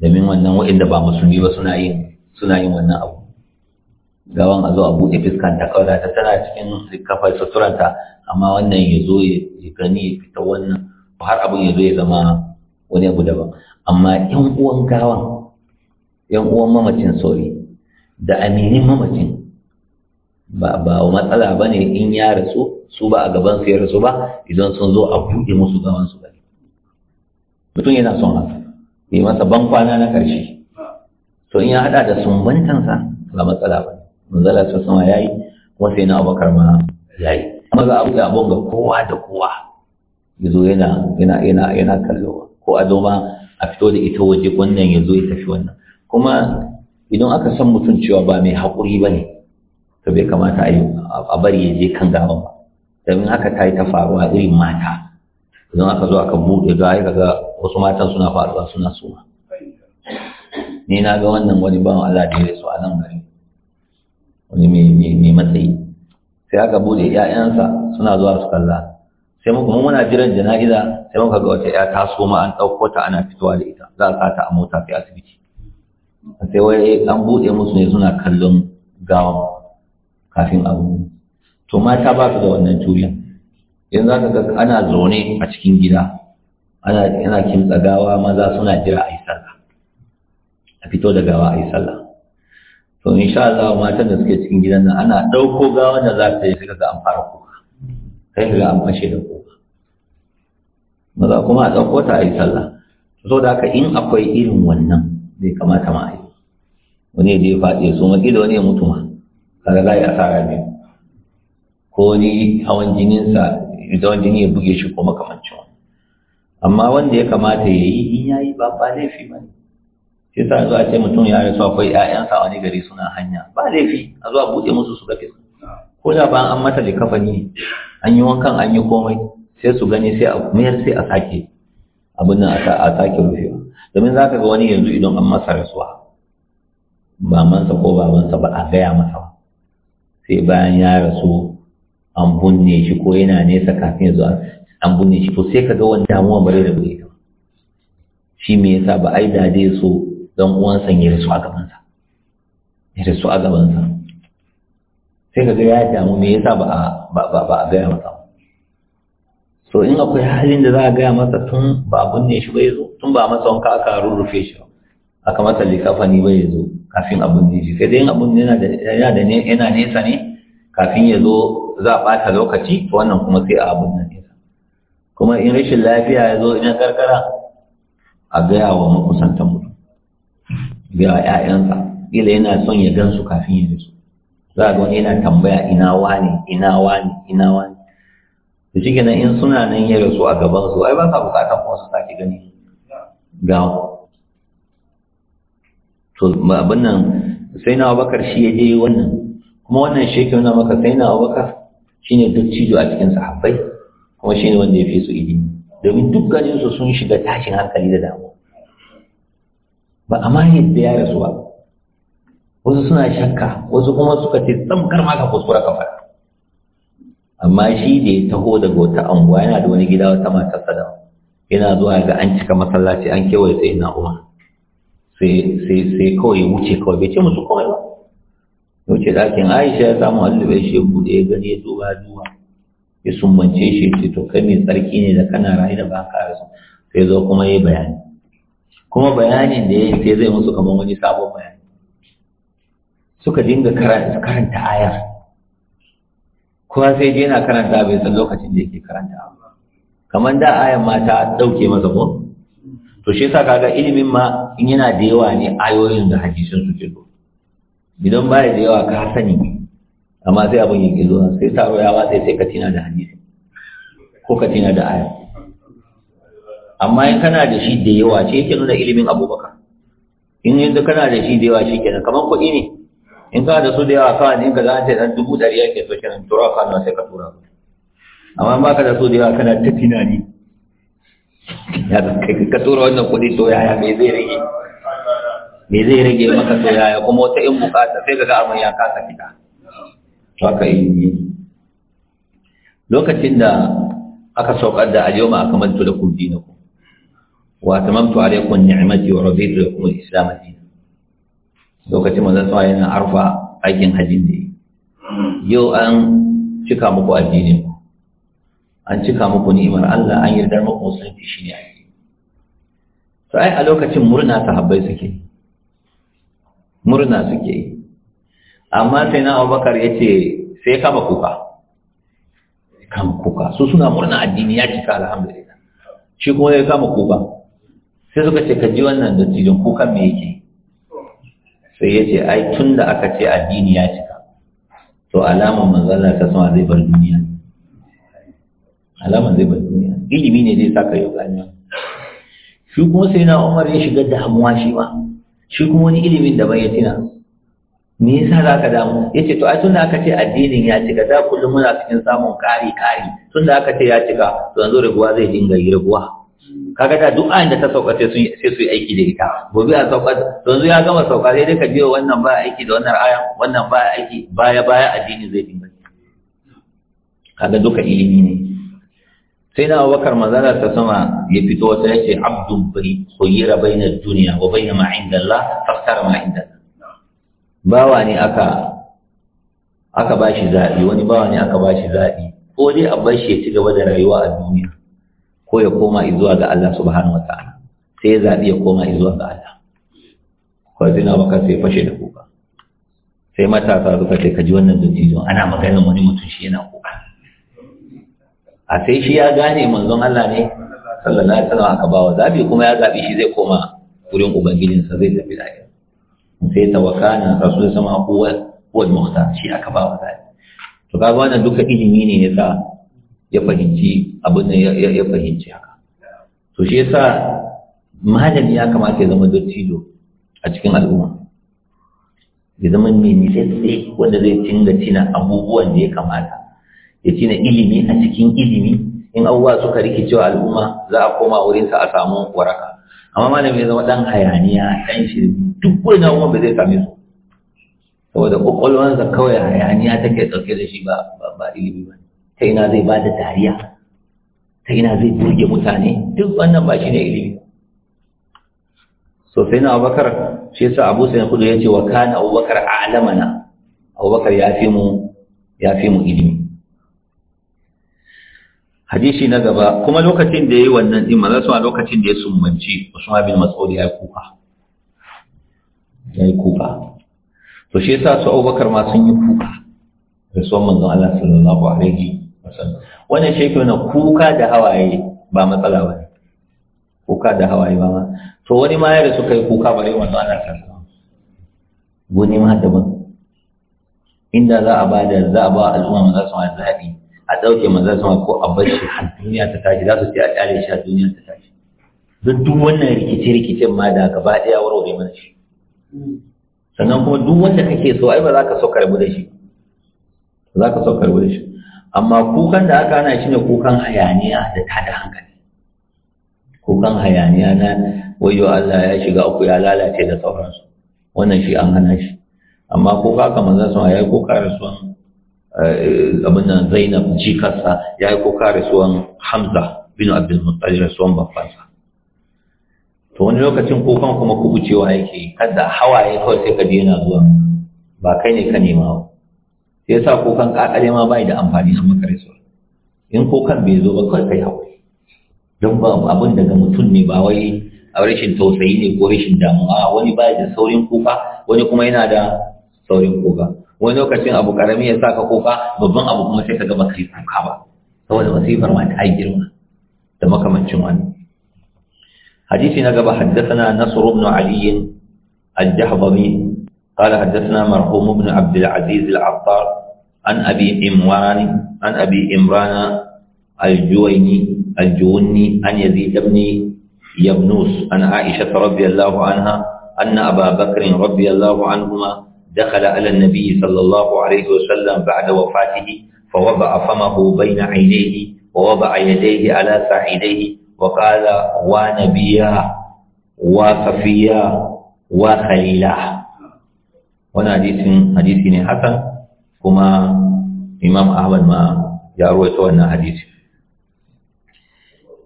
domin wannan wa'inda ba musulmi ba suna yin suna yin wannan abu gawan a zo a buɗe ta kawai ta tana cikin kafar suturanta amma wannan ya zo ya gani ya fita wannan har abin ya zo ya zama wani abu daban amma yan uwan gawan yan uwan mamacin sori da aminin mamacin ba ba matsala ba ne in ya rasu su ba a gaban su ya rasu ba idan sun zo a buɗe musu gawan su ba mutum yana son haka yi masa ban kwana na ƙarshe to in ya haɗa da sumbantansa ba matsala ba manzala su sama ya yi kuma sai na abubakar ma ya yi amma za a buga abun ga kowa da kowa ya zo yana yana yana kallo ko a zo ma a fito da ita waje wannan ya zo ya tafi wannan kuma idan aka san mutum cewa ba mai haƙuri ba ne to bai kamata a bari ya je kan gaban ba domin haka ta yi ta faruwa irin mata idan aka zo aka buɗe ga ya ga wasu matan suna faruwa suna suma ni na ga wannan wani bawan Allah da ya so a nan gari wani mai matsayi sai aka buɗe ‘ya'yansa suna zuwa su kalla sai muka muna jiran jana'iza sai muka ga wata ‘ya ta soma an ɗauko ta ana fitowa da ita za a sa ta a mota sai asibiti sai wai an buɗe musu ne suna kallon gawa kafin abu to mata ba su da wannan juriyan yanzu zaka ga ana zaune a cikin gida ana yana kimtsa gawa maza suna jira a yi sallah a fito da gawa a yi sallah to sha Allah matan da suke cikin gidan nan ana ɗauko gawa da za ta yi suka ga an fara kuka sai ga an da kuka maza kuma a ɗauko ta a yi sallah so da haka in akwai irin wannan zai kamata ma a wani da ya faɗi su ma da wani ya mutu ma kaga za a yi asara biyu ko ni hawan jininsa idan jini ya buge shi ko makamancin wani amma wanda ya kamata ya yi in ya yi ba ba laifi ba ne sai sa zuwa ce mutum ya rasu akwai ƴaƴansa a wani gari suna hanya ba laifi a zuwa buɗe musu su gafe ko da ba an mata ne an yi wankan an yi komai sai su gani sai a mayar sai a sake abin nan a sake rufewa domin za ka ga wani yanzu idan an masa rasuwa mamansa ko babansa ba a gaya masa sai bayan ya rasu an bunne shi ko yana nesa kafin ya zo an bunne shi to sai ka ga wani damuwa ba zai da ba? shi me yasa ba ai da zai so dan san ya rasu a gabansa ya rasu a gabansa sai ka ga ya damu me yasa ba ba ba ba gaya masa so in akwai halin da za a gaya masa tun ba bunne shi bai zo tun ba masa wanka aka rurrufe shi aka masa likafani bai zo kafin abun ne shi sai dai abun yana da yana nesa ne kafin ya zo za a ɓata lokaci to wannan kuma sai a abin nan nisa kuma in rashin lafiya ya zo idan karkara a gaya wa makusantan mutum gaya wa ‘ya'yansa ila yana son ya gansu kafin ya su. za a ga wani yana tambaya ina wani ina wani ina wani da shi nan in suna nan ya rasu a gaban su ai ba sa bukatan kuma su sake gani ga to abin nan sai na bakar shi ya je wannan kuma wannan sheke maka sai na abubakar shine duk cijo a cikin sahabbai kuma shine wanda ya fi su idi. domin ganin su sun shiga tashin hankali da damuwa ba a ma yadda ya rasu ba wasu suna shakka wasu kuma suka ce tsamkar maka kuskura ka amma shi da ya taho daga wata anguwa yana da wani gida wata matarsa da yana zuwa ga an cika masallaci an kewaye sai na umar sai kawai ya wuce kawai bai ce musu komai ba ce ɗakin aisha ya samu hallubai shi buɗe ya gani ya duba duba ya sumbance shi ce to kai mai tsarki ne da kana rayu da baka rasu sai zo kuma yi bayani kuma bayanin da ya yi sai zai musu kamar wani sabon bayani suka dinga karanta ayar Kuma sai je yana karanta bai san lokacin da yake karanta ba kamar da ayar ma ta ɗauke masa ko to shi yasa kaga ilimin ma in yana da yawa ne ayoyin da hadisin suke zo idan ba da yawa ka sani amma sai abin yake zuwa sai taro ya watsa sai ka tina da hadisi ko ka tina da aya amma in kana da shi da yawa ce yake nuna ilimin abubakar in yanzu kana da shi da yawa shi kenan kamar kuɗi ne in kana da su da yawa kawai in ka za a ce dubu ɗari yake so kenan tura ka nawa sai ka tura amma ba ka da su da yawa kana ta tunani ya kai ka tura wannan kuɗi to yaya me zai rage me zai rage maka to yaya kuma wata in bukata sai kaga abin ya kasa fita to aka yi lokacin da aka saukar da aka al da akmaltu na ku, wa tamamtu alaykum ni'mati wa raditu lakum al-islam dinan lokacin manzon sa yana arfa aikin hajjin da yau an cika muku addinin ku an cika muku ni'imar Allah an yarda muku musulunci shi ne ai a lokacin murna sahabbai suke murna suke yi amma sai na abubakar ya ce sai kama kuka kama kuka su suna murna addini ya cika alhamdulillah shi kuma ya kama kuka sai suka ce ka ji wannan dattijon kukan me yake sai ya ce ai tun da aka ce addini ya cika to alaman manzala ta sama zai bar duniya alaman zai bar duniya ilimi ne zai saka yau ganiya shi kuma sai na umar ya shiga damuwa shi ma shi kuma wani ilimin daban ya tina me yasa za ka damu ya ce to ai tunda aka ce addinin ya cika da kullum muna cikin samun ƙari ƙari tunda aka ce ya cika to yanzu raguwa zai dinga yi raguwa kaga da duk ayin da ta sauka sai sai su yi aiki da ita gobe a sauka yanzu ya gama sauka sai dai ka biyo wannan ba aiki da wannan aya wannan ba aiki baya baya addini zai dinga kaga duka ilimi ne sai na abubakar manzana ta sama ya fito wata ya ce abdun bai soyira bai na duniya wa bai na ma'indalla ma'in dalla bawa ne aka aka ba shi zaɓi wani bawa ne aka ba shi zaɓi ko dai a bar shi ya ci gaba da rayuwa a duniya ko ya koma izuwa ga Allah subhanahu wata'ala sai ya zaɓi ya koma izuwa ga Allah sai na abubakar sai fashe da kuka sai matasa suka ce ka ji wannan dattijon ana maganin wani mutum shi yana kuka a sai shi ya gane manzon Allah ne sallallahu alaihi wasallam aka bawa zabi kuma ya zabi shi zai koma wurin ubangijinsa zai tafi lahira sai tawakkana rasul sama huwa huwa muhtar shi aka bawa zabi to kaga wannan duka ilimi ne yasa ya fahimci abin da ya fahimci haka to shi yasa malami ya kamata ya zama dottijo a cikin al'umma ya zama mai nisassi wanda zai cinga tina abubuwan da ya kamata ya na ilimi a cikin ilimi in abubuwa suka rikicewa al'umma za a koma wurinsa a samu waraka amma malami ya zama dan hayaniya ɗan shi duk wani abubuwan ba zai same su saboda kwakwalwansa kawai hayaniya take ɗauke da shi ba ba ilimi ba ta ina zai ba da dariya ta ina zai burge mutane duk wannan ba shi ne ilimi so sai na abubakar shi yasa abu sai kudu ya ce wa kana abubakar a alamana abubakar ya ya fi mu ilimi hadisi na gaba kuma lokacin da ya yi wannan din su sama lokacin da ya sumanci Usman bin Mas'ud ya kuka. ya yi kuka. to shi yasa su Abubakar ma sun yi kuka. da su manzon Allah sallallahu alaihi wasallam wannan shi yake kuka da hawaye ba matsala ba kuka da hawaye ba ma to wani ma ya rasu kai kuka bare manzon Allah sallallahu alaihi wasallam ma daban inda za a ba da za a ba al'umma manzon Allah zabi a ɗauke manzan sama ko a bar shi har duniya ta tashi za su ce a ƙyale shi duniya ta tashi duk duk wannan rikice-rikicen ma da gaba ɗaya warware mana shi sannan kuma duk wanda kake so ai ba za ka so karbi da shi za ka so karbi da shi amma kukan da aka ana shi ne kukan hayaniya da tada hankali kukan hayaniya na wayo Allah ya shiga uku ya lalace da sauransu wannan shi an hana shi amma ko ka kama za ya yi yayi ko karar Eh, abin zainab jikarsa ya yi kuka rasuwan hamza bin abdulmuttalib rasuwan babbansa to wani lokacin kukan kuma kubucewa yake yi kada hawaye kawai sai ka daina zuwa ba kai ne ka nema ba sai sa kukan kakare ma bai da amfani a maka in kukan bai zo ba kawai kai hawaye don ba abin daga mutum ne ba wai a rashin tausayi ne ko rashin damuwa wani bai da saurin kuka wani kuma yana da saurin kuka wani lokacin abu karami ya saka kuka babban abu kuma sai ka ga kai kuka ba saboda wasifar ma ta girma da makamancin wani hadisi na gaba haddathana nasr ibn ali al-jahdami قال حدثنا مرحوم بن عبد العزيز العطار عن أبي إمران عن أبي إمران الجويني الجوني عن يزيد بن يبنوس عن عائشة رضي الله عنها أن أبا بكر رضي الله عنهما دخل على النبي صلى الله عليه وسلم بعد وفاته فوضع فمه بين عينيه ووضع يديه على ساعديه وقال ونبيا وصفيا وخليلا وانا حديث حديث حسن كما امام احمد ما يروي سوى حديث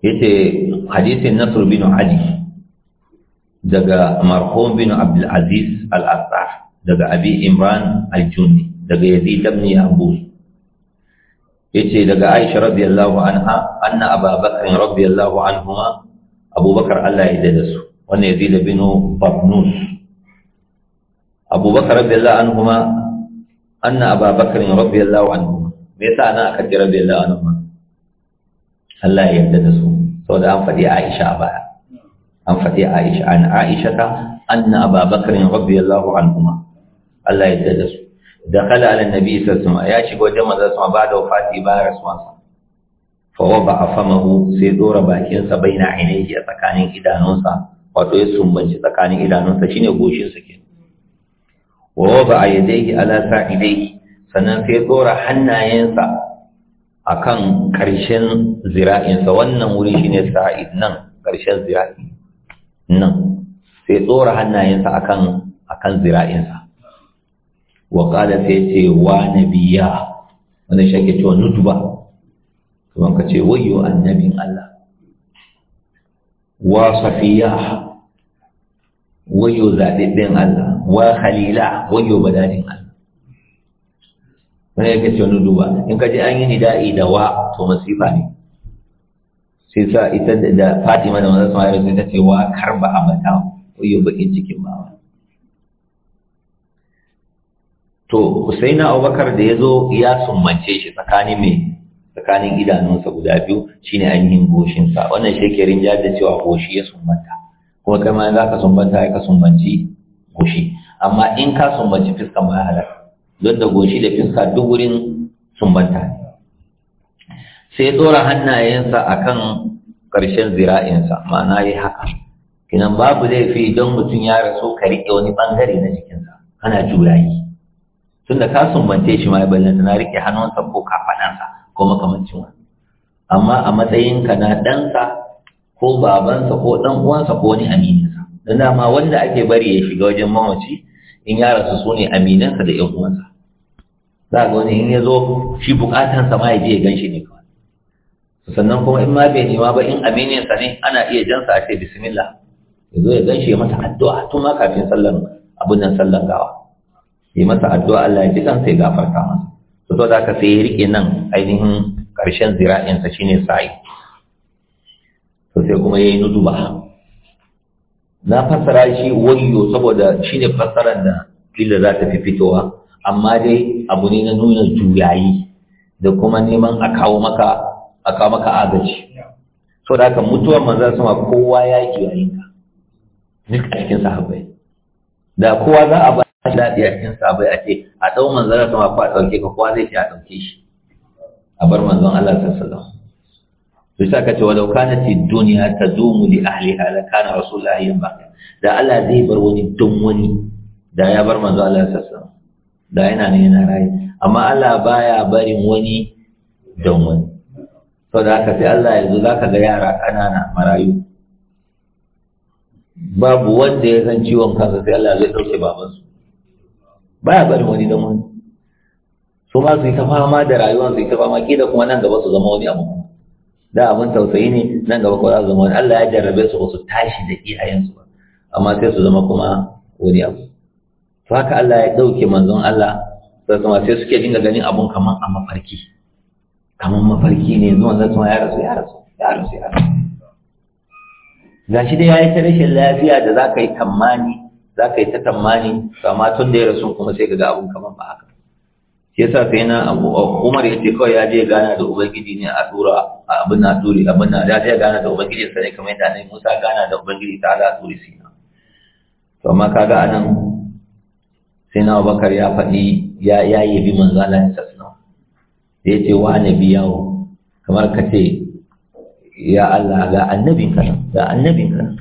yace hadisin Nasr bin Ali daga marhum bin Abdul Aziz al-Asar daga abi imran al-junni daga yazid ibn abu yace daga aisha radiyallahu anha anna ababakar radiyallahu anhuma abubakar Allah ya dada su wannan yazid ibn babnus abubakar radiyallahu anhuma anna ababakar radiyallahu anhuma me yasa nan aka ji radiyallahu anhuma Allah ya yarda da su saboda an faɗi Aisha a baya an faɗi Aisha an Aisha ta anna ababakar radiyallahu anhuma Allah ya yarda da su ala nabi sallallahu alaihi wasallam ya shiga wajen manzon wasallam ba da wafati ba rasuwansa fa wa ba famahu sai dora bakinsa baina ainihi a tsakanin idanunsa wato ya sumbanci tsakanin idanunsa shine goshin sa ke wa ba yadayhi ala sa'idayhi sannan sai dora hannayensa akan karshen zira'insa wannan wuri shine sa'id nan karshen zira'i nan sai dora hannayensa akan akan zira'insa wa sai ce wa nabiya wanda shi ake cewa nutuba kamar ka ce wayo annabin Allah wa safiya wayo zaɓaɓɓen Allah wa Halila wayo badadin Allah wani yake ce wani duba in ka ji an yi nida'i da wa to masifa ne sai sa ita da fatima da manzon samari sai ta ce wa karba abata wayo bakin cikin bawa to Husaina Abubakar da ya zo ya sumbance shi tsakanin me tsakanin idanunsa guda biyu shine ainihin goshin sa wannan shekarun ya da cewa goshi ya sumbanta kuma kai ma za ka sumbanta ai ka sumbanci goshi amma in ka sumbanci fiska ma halal don da goshi da fiska duk wurin sumbanta ne sai dora hannayensa akan ƙarshen zira'insa ma'ana ya haka kinan babu laifi don mutum ya rasu ka riƙe wani ɓangare na jikinsa ana jurayi tun da ka sumbance shi ma iballanta na rike hannunsa ko kafaɗansa ko makamancin wani amma a matsayinka na ɗansa ko babansa ko ɗan uwansa ko wani amininsa don dama wanda ake bari ya shiga wajen mamaci in ya rasu su ne aminansa da ƴan uwansa za ga wani in ya zo shi bukatansa ma ya je ya gan ne kawai sannan kuma in ma bai nema ba in amininsa ne ana iya jansa a ce bismillah ya zo ya gan ya masa addu'a tun ma kafin sallan abin nan sallan gawa yi masa addu'a Allah ya ji kansa ya gafarta masa to da aka sai ya rike nan ainihin karshen zira'insa shine sa'i to sai kuma yayi nuduba na fassara shi wayyo saboda shine fassaran da kila za ta fi fitowa amma dai abu ne na nuna juyayi da kuma neman a kawo maka a kawo maka agaji so da haka mutuwar manzon sama kowa ya yi ka duk a cikin sahabbai da kowa za a ba shaɗi a cikin sabai a ce a ɗau manzon sama ko a ɗauke ka kowa zai ce a ɗauke shi a bar manzon Allah sallallahu alaihi wasallam to ce walau kanat ad-dunya tadumu li ahliha la kana rasulullah yanba da Allah zai bar wani don wani da ya bar manzon Allah sallallahu alaihi da yana ne yana rayi amma Allah baya barin wani don wani to da haka sai Allah yanzu zaka ga yara ƙanana marayu babu wanda ya san ciwon kansa sai Allah zai dauke babansu baya barin wani da wani su ma su yi ta fama da rayuwa su yi ta fama da kuma nan gaba su zama wani abu da abin tausayi ne nan gaba kuma za su zama wani Allah ya jarrabe su ba su tashi da iyayensu ba amma sai su zama kuma wani abu to haka Allah ya ɗauke manzon Allah sai kuma sai suke dinga ganin abun kaman a mafarki kaman mafarki ne zuwa zai kuma ya rasu ya rasu ya rasu ya rasu gashi dai yi ta rashin lafiya da za ka yi kamani za ka yi ta tammani ma tun da ya rasu kuma sai ga abun kamar ba haka shi yasa sai na abu Umar yace kawai ya je gana da ubangiji ne a tura abin na turi abin na ya je gana da ubangiji sai kamar yadda annabi Musa gana da ubangiji ta ala turi sina to amma kaga anan sai na Abubakar ya faɗi ya ya bi manzo Allah sallallahu alaihi wasallam ce wa yawo kamar kace ya Allah ga annabinka ga annabinka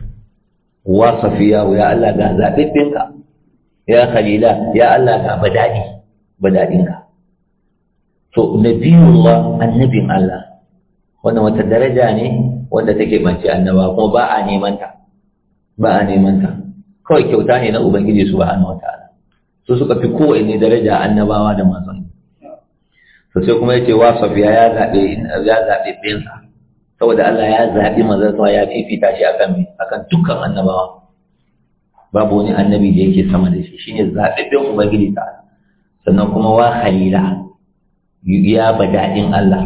wa safiya ya Allah ga zaɓiɓɓinka ya khalila ya Allah ga badaɗi badaɗinka to nabiyullah annabin Allah wannan wata daraja ne wanda take bance annaba kuma ba a neman ta ba a neman ta kawai kyauta ne na ubangiji subhanahu ta'ala su suka fi kowanne daraja annabawa da manzon to sai kuma yace wa safiya ya zaɓe ya zaɓe ɗinsa saboda Allah ya zaɓi manzansa ya fifita shi akan akan dukkan annabawa babu wani annabi da yake sama da shi shine zaɓaɓɓen ubangiji ta sannan kuma wa khalila ya daɗin Allah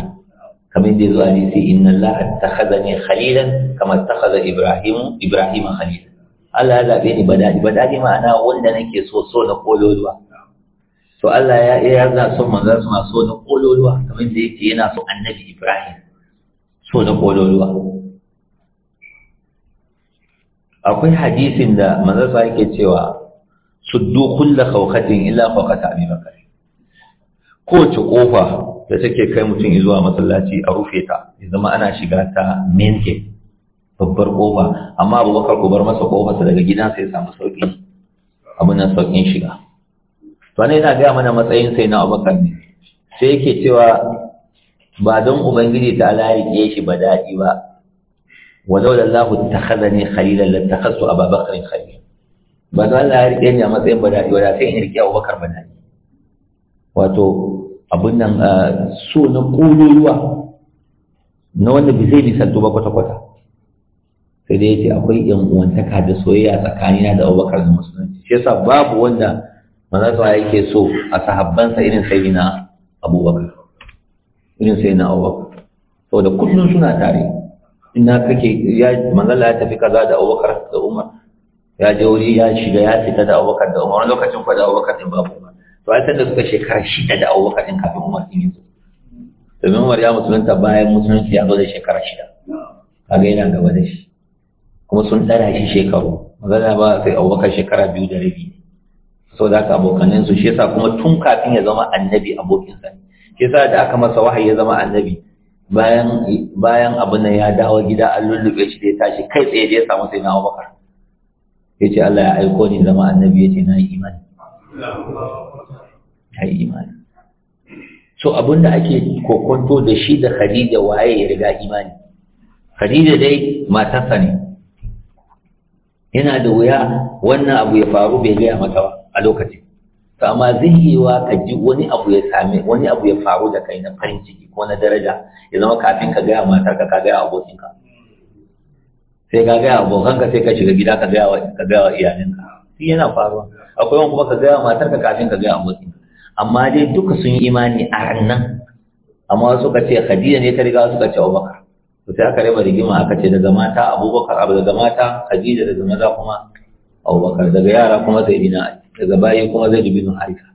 kamar da zuwa hadisi inna Allah attakhazani khalilan kama attakhadha Ibrahim Ibrahim khalil Allah ya zaɓe ni ba bada'i bada'i ma'ana wanda nake so so na kololuwa to Allah ya ya za son manzansa so na kololuwa kamar da yake yana so annabi Ibrahim so na ruwa akwai hadisin da manzasa yake cewa su suddu kulla khawqatin illa khawqata abin makari. kowace kofa da take kai mutum zuwa masallaci a rufe ta zama ana shiga ta menke babbar kofa amma abubakar ku bar masa kofarsa daga gidansa sai samu sauƙi. abu nan sauƙin shiga to ne yana gaya mana matsayin sai na bakar ne sai yake cewa ba don ubangiji ta ala rike shi ba daɗi ba wa da Allah ta kaza ne khalilan da ta kasu a babakarin khalil ba don Allah ya rike ni a matsayin ba daɗi ba da sai in rike abubakar ba daɗi wato abin nan so na ƙuluruwa na wanda bai zai misaltu ba kwata-kwata sai dai yace akwai yan uwantaka da soyayya tsakanina da abubakar da musulunci shi yasa babu wanda ya yake so a sahabbansa irin na abubakar irin sai na abubakar saboda kullum suna tare ina kake ya manzala ya tafi kaza da abubakar da umar ya je wuri ya shiga ya fita da abubakar da umar lokacin fa da abubakar din babu umar to ai sanda suka shekara shida da abubakar din kafin umar din yanzu domin umar ya musulunta bayan musulunci ya zo da shekara shida kaga yana gaba da shi kuma sun tsara shi shekaru manzala ba sai abubakar shekara biyu da rabi sau da haka abokaninsu shi yasa kuma tun kafin ya zama annabi abokinsa ne kisa da aka masa wahayi ya zama annabi bayan bayan abin nan ya dawo gida an lullube shi da ya tashi kai tsaye da ya samu sai na Abubakar yace Allah ya aiko ni zama annabi yace na yi imani ta yi imani so abin da ake kokonto da shi da Khadija waye ya riga imani Khadija dai matarsa ne yana da wuya wannan abu ya faru bai gaya mata ba a lokacin to amma zai yiwa ka ji wani abu ya same wani abu ya faru da kai na farin ciki ko na daraja ya zama kafin ka gaya matar ka ka gaya abokinka sai ka gaya abokanka sai ka shiga gida ka gaya wa ka gaya wa iyalinka shi yana faruwa akwai wani kuma ka gaya matar ka kafin ka gaya abokinka amma dai duka sun yi imani a rannan amma wasu ka ce Khadija ne ta riga ka ce Abubakar to sai aka raba rigima aka ce daga mata Abubakar abu daga mata Khadija daga maza kuma abubakar daga yara kuma zai bi na daga baye kuma zai dubi harisa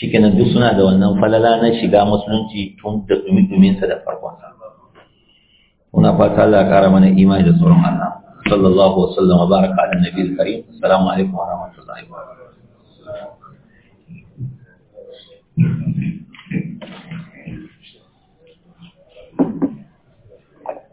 shikenan duk suna da wannan falala na shiga musulunci tun da dumin sa da farkon sa muna fata Allah kara mana imani da tsoron Allah sallallahu alaihi wasallam wa baraka ala nabiyil karim assalamu alaikum wa rahmatullahi wa barakatuh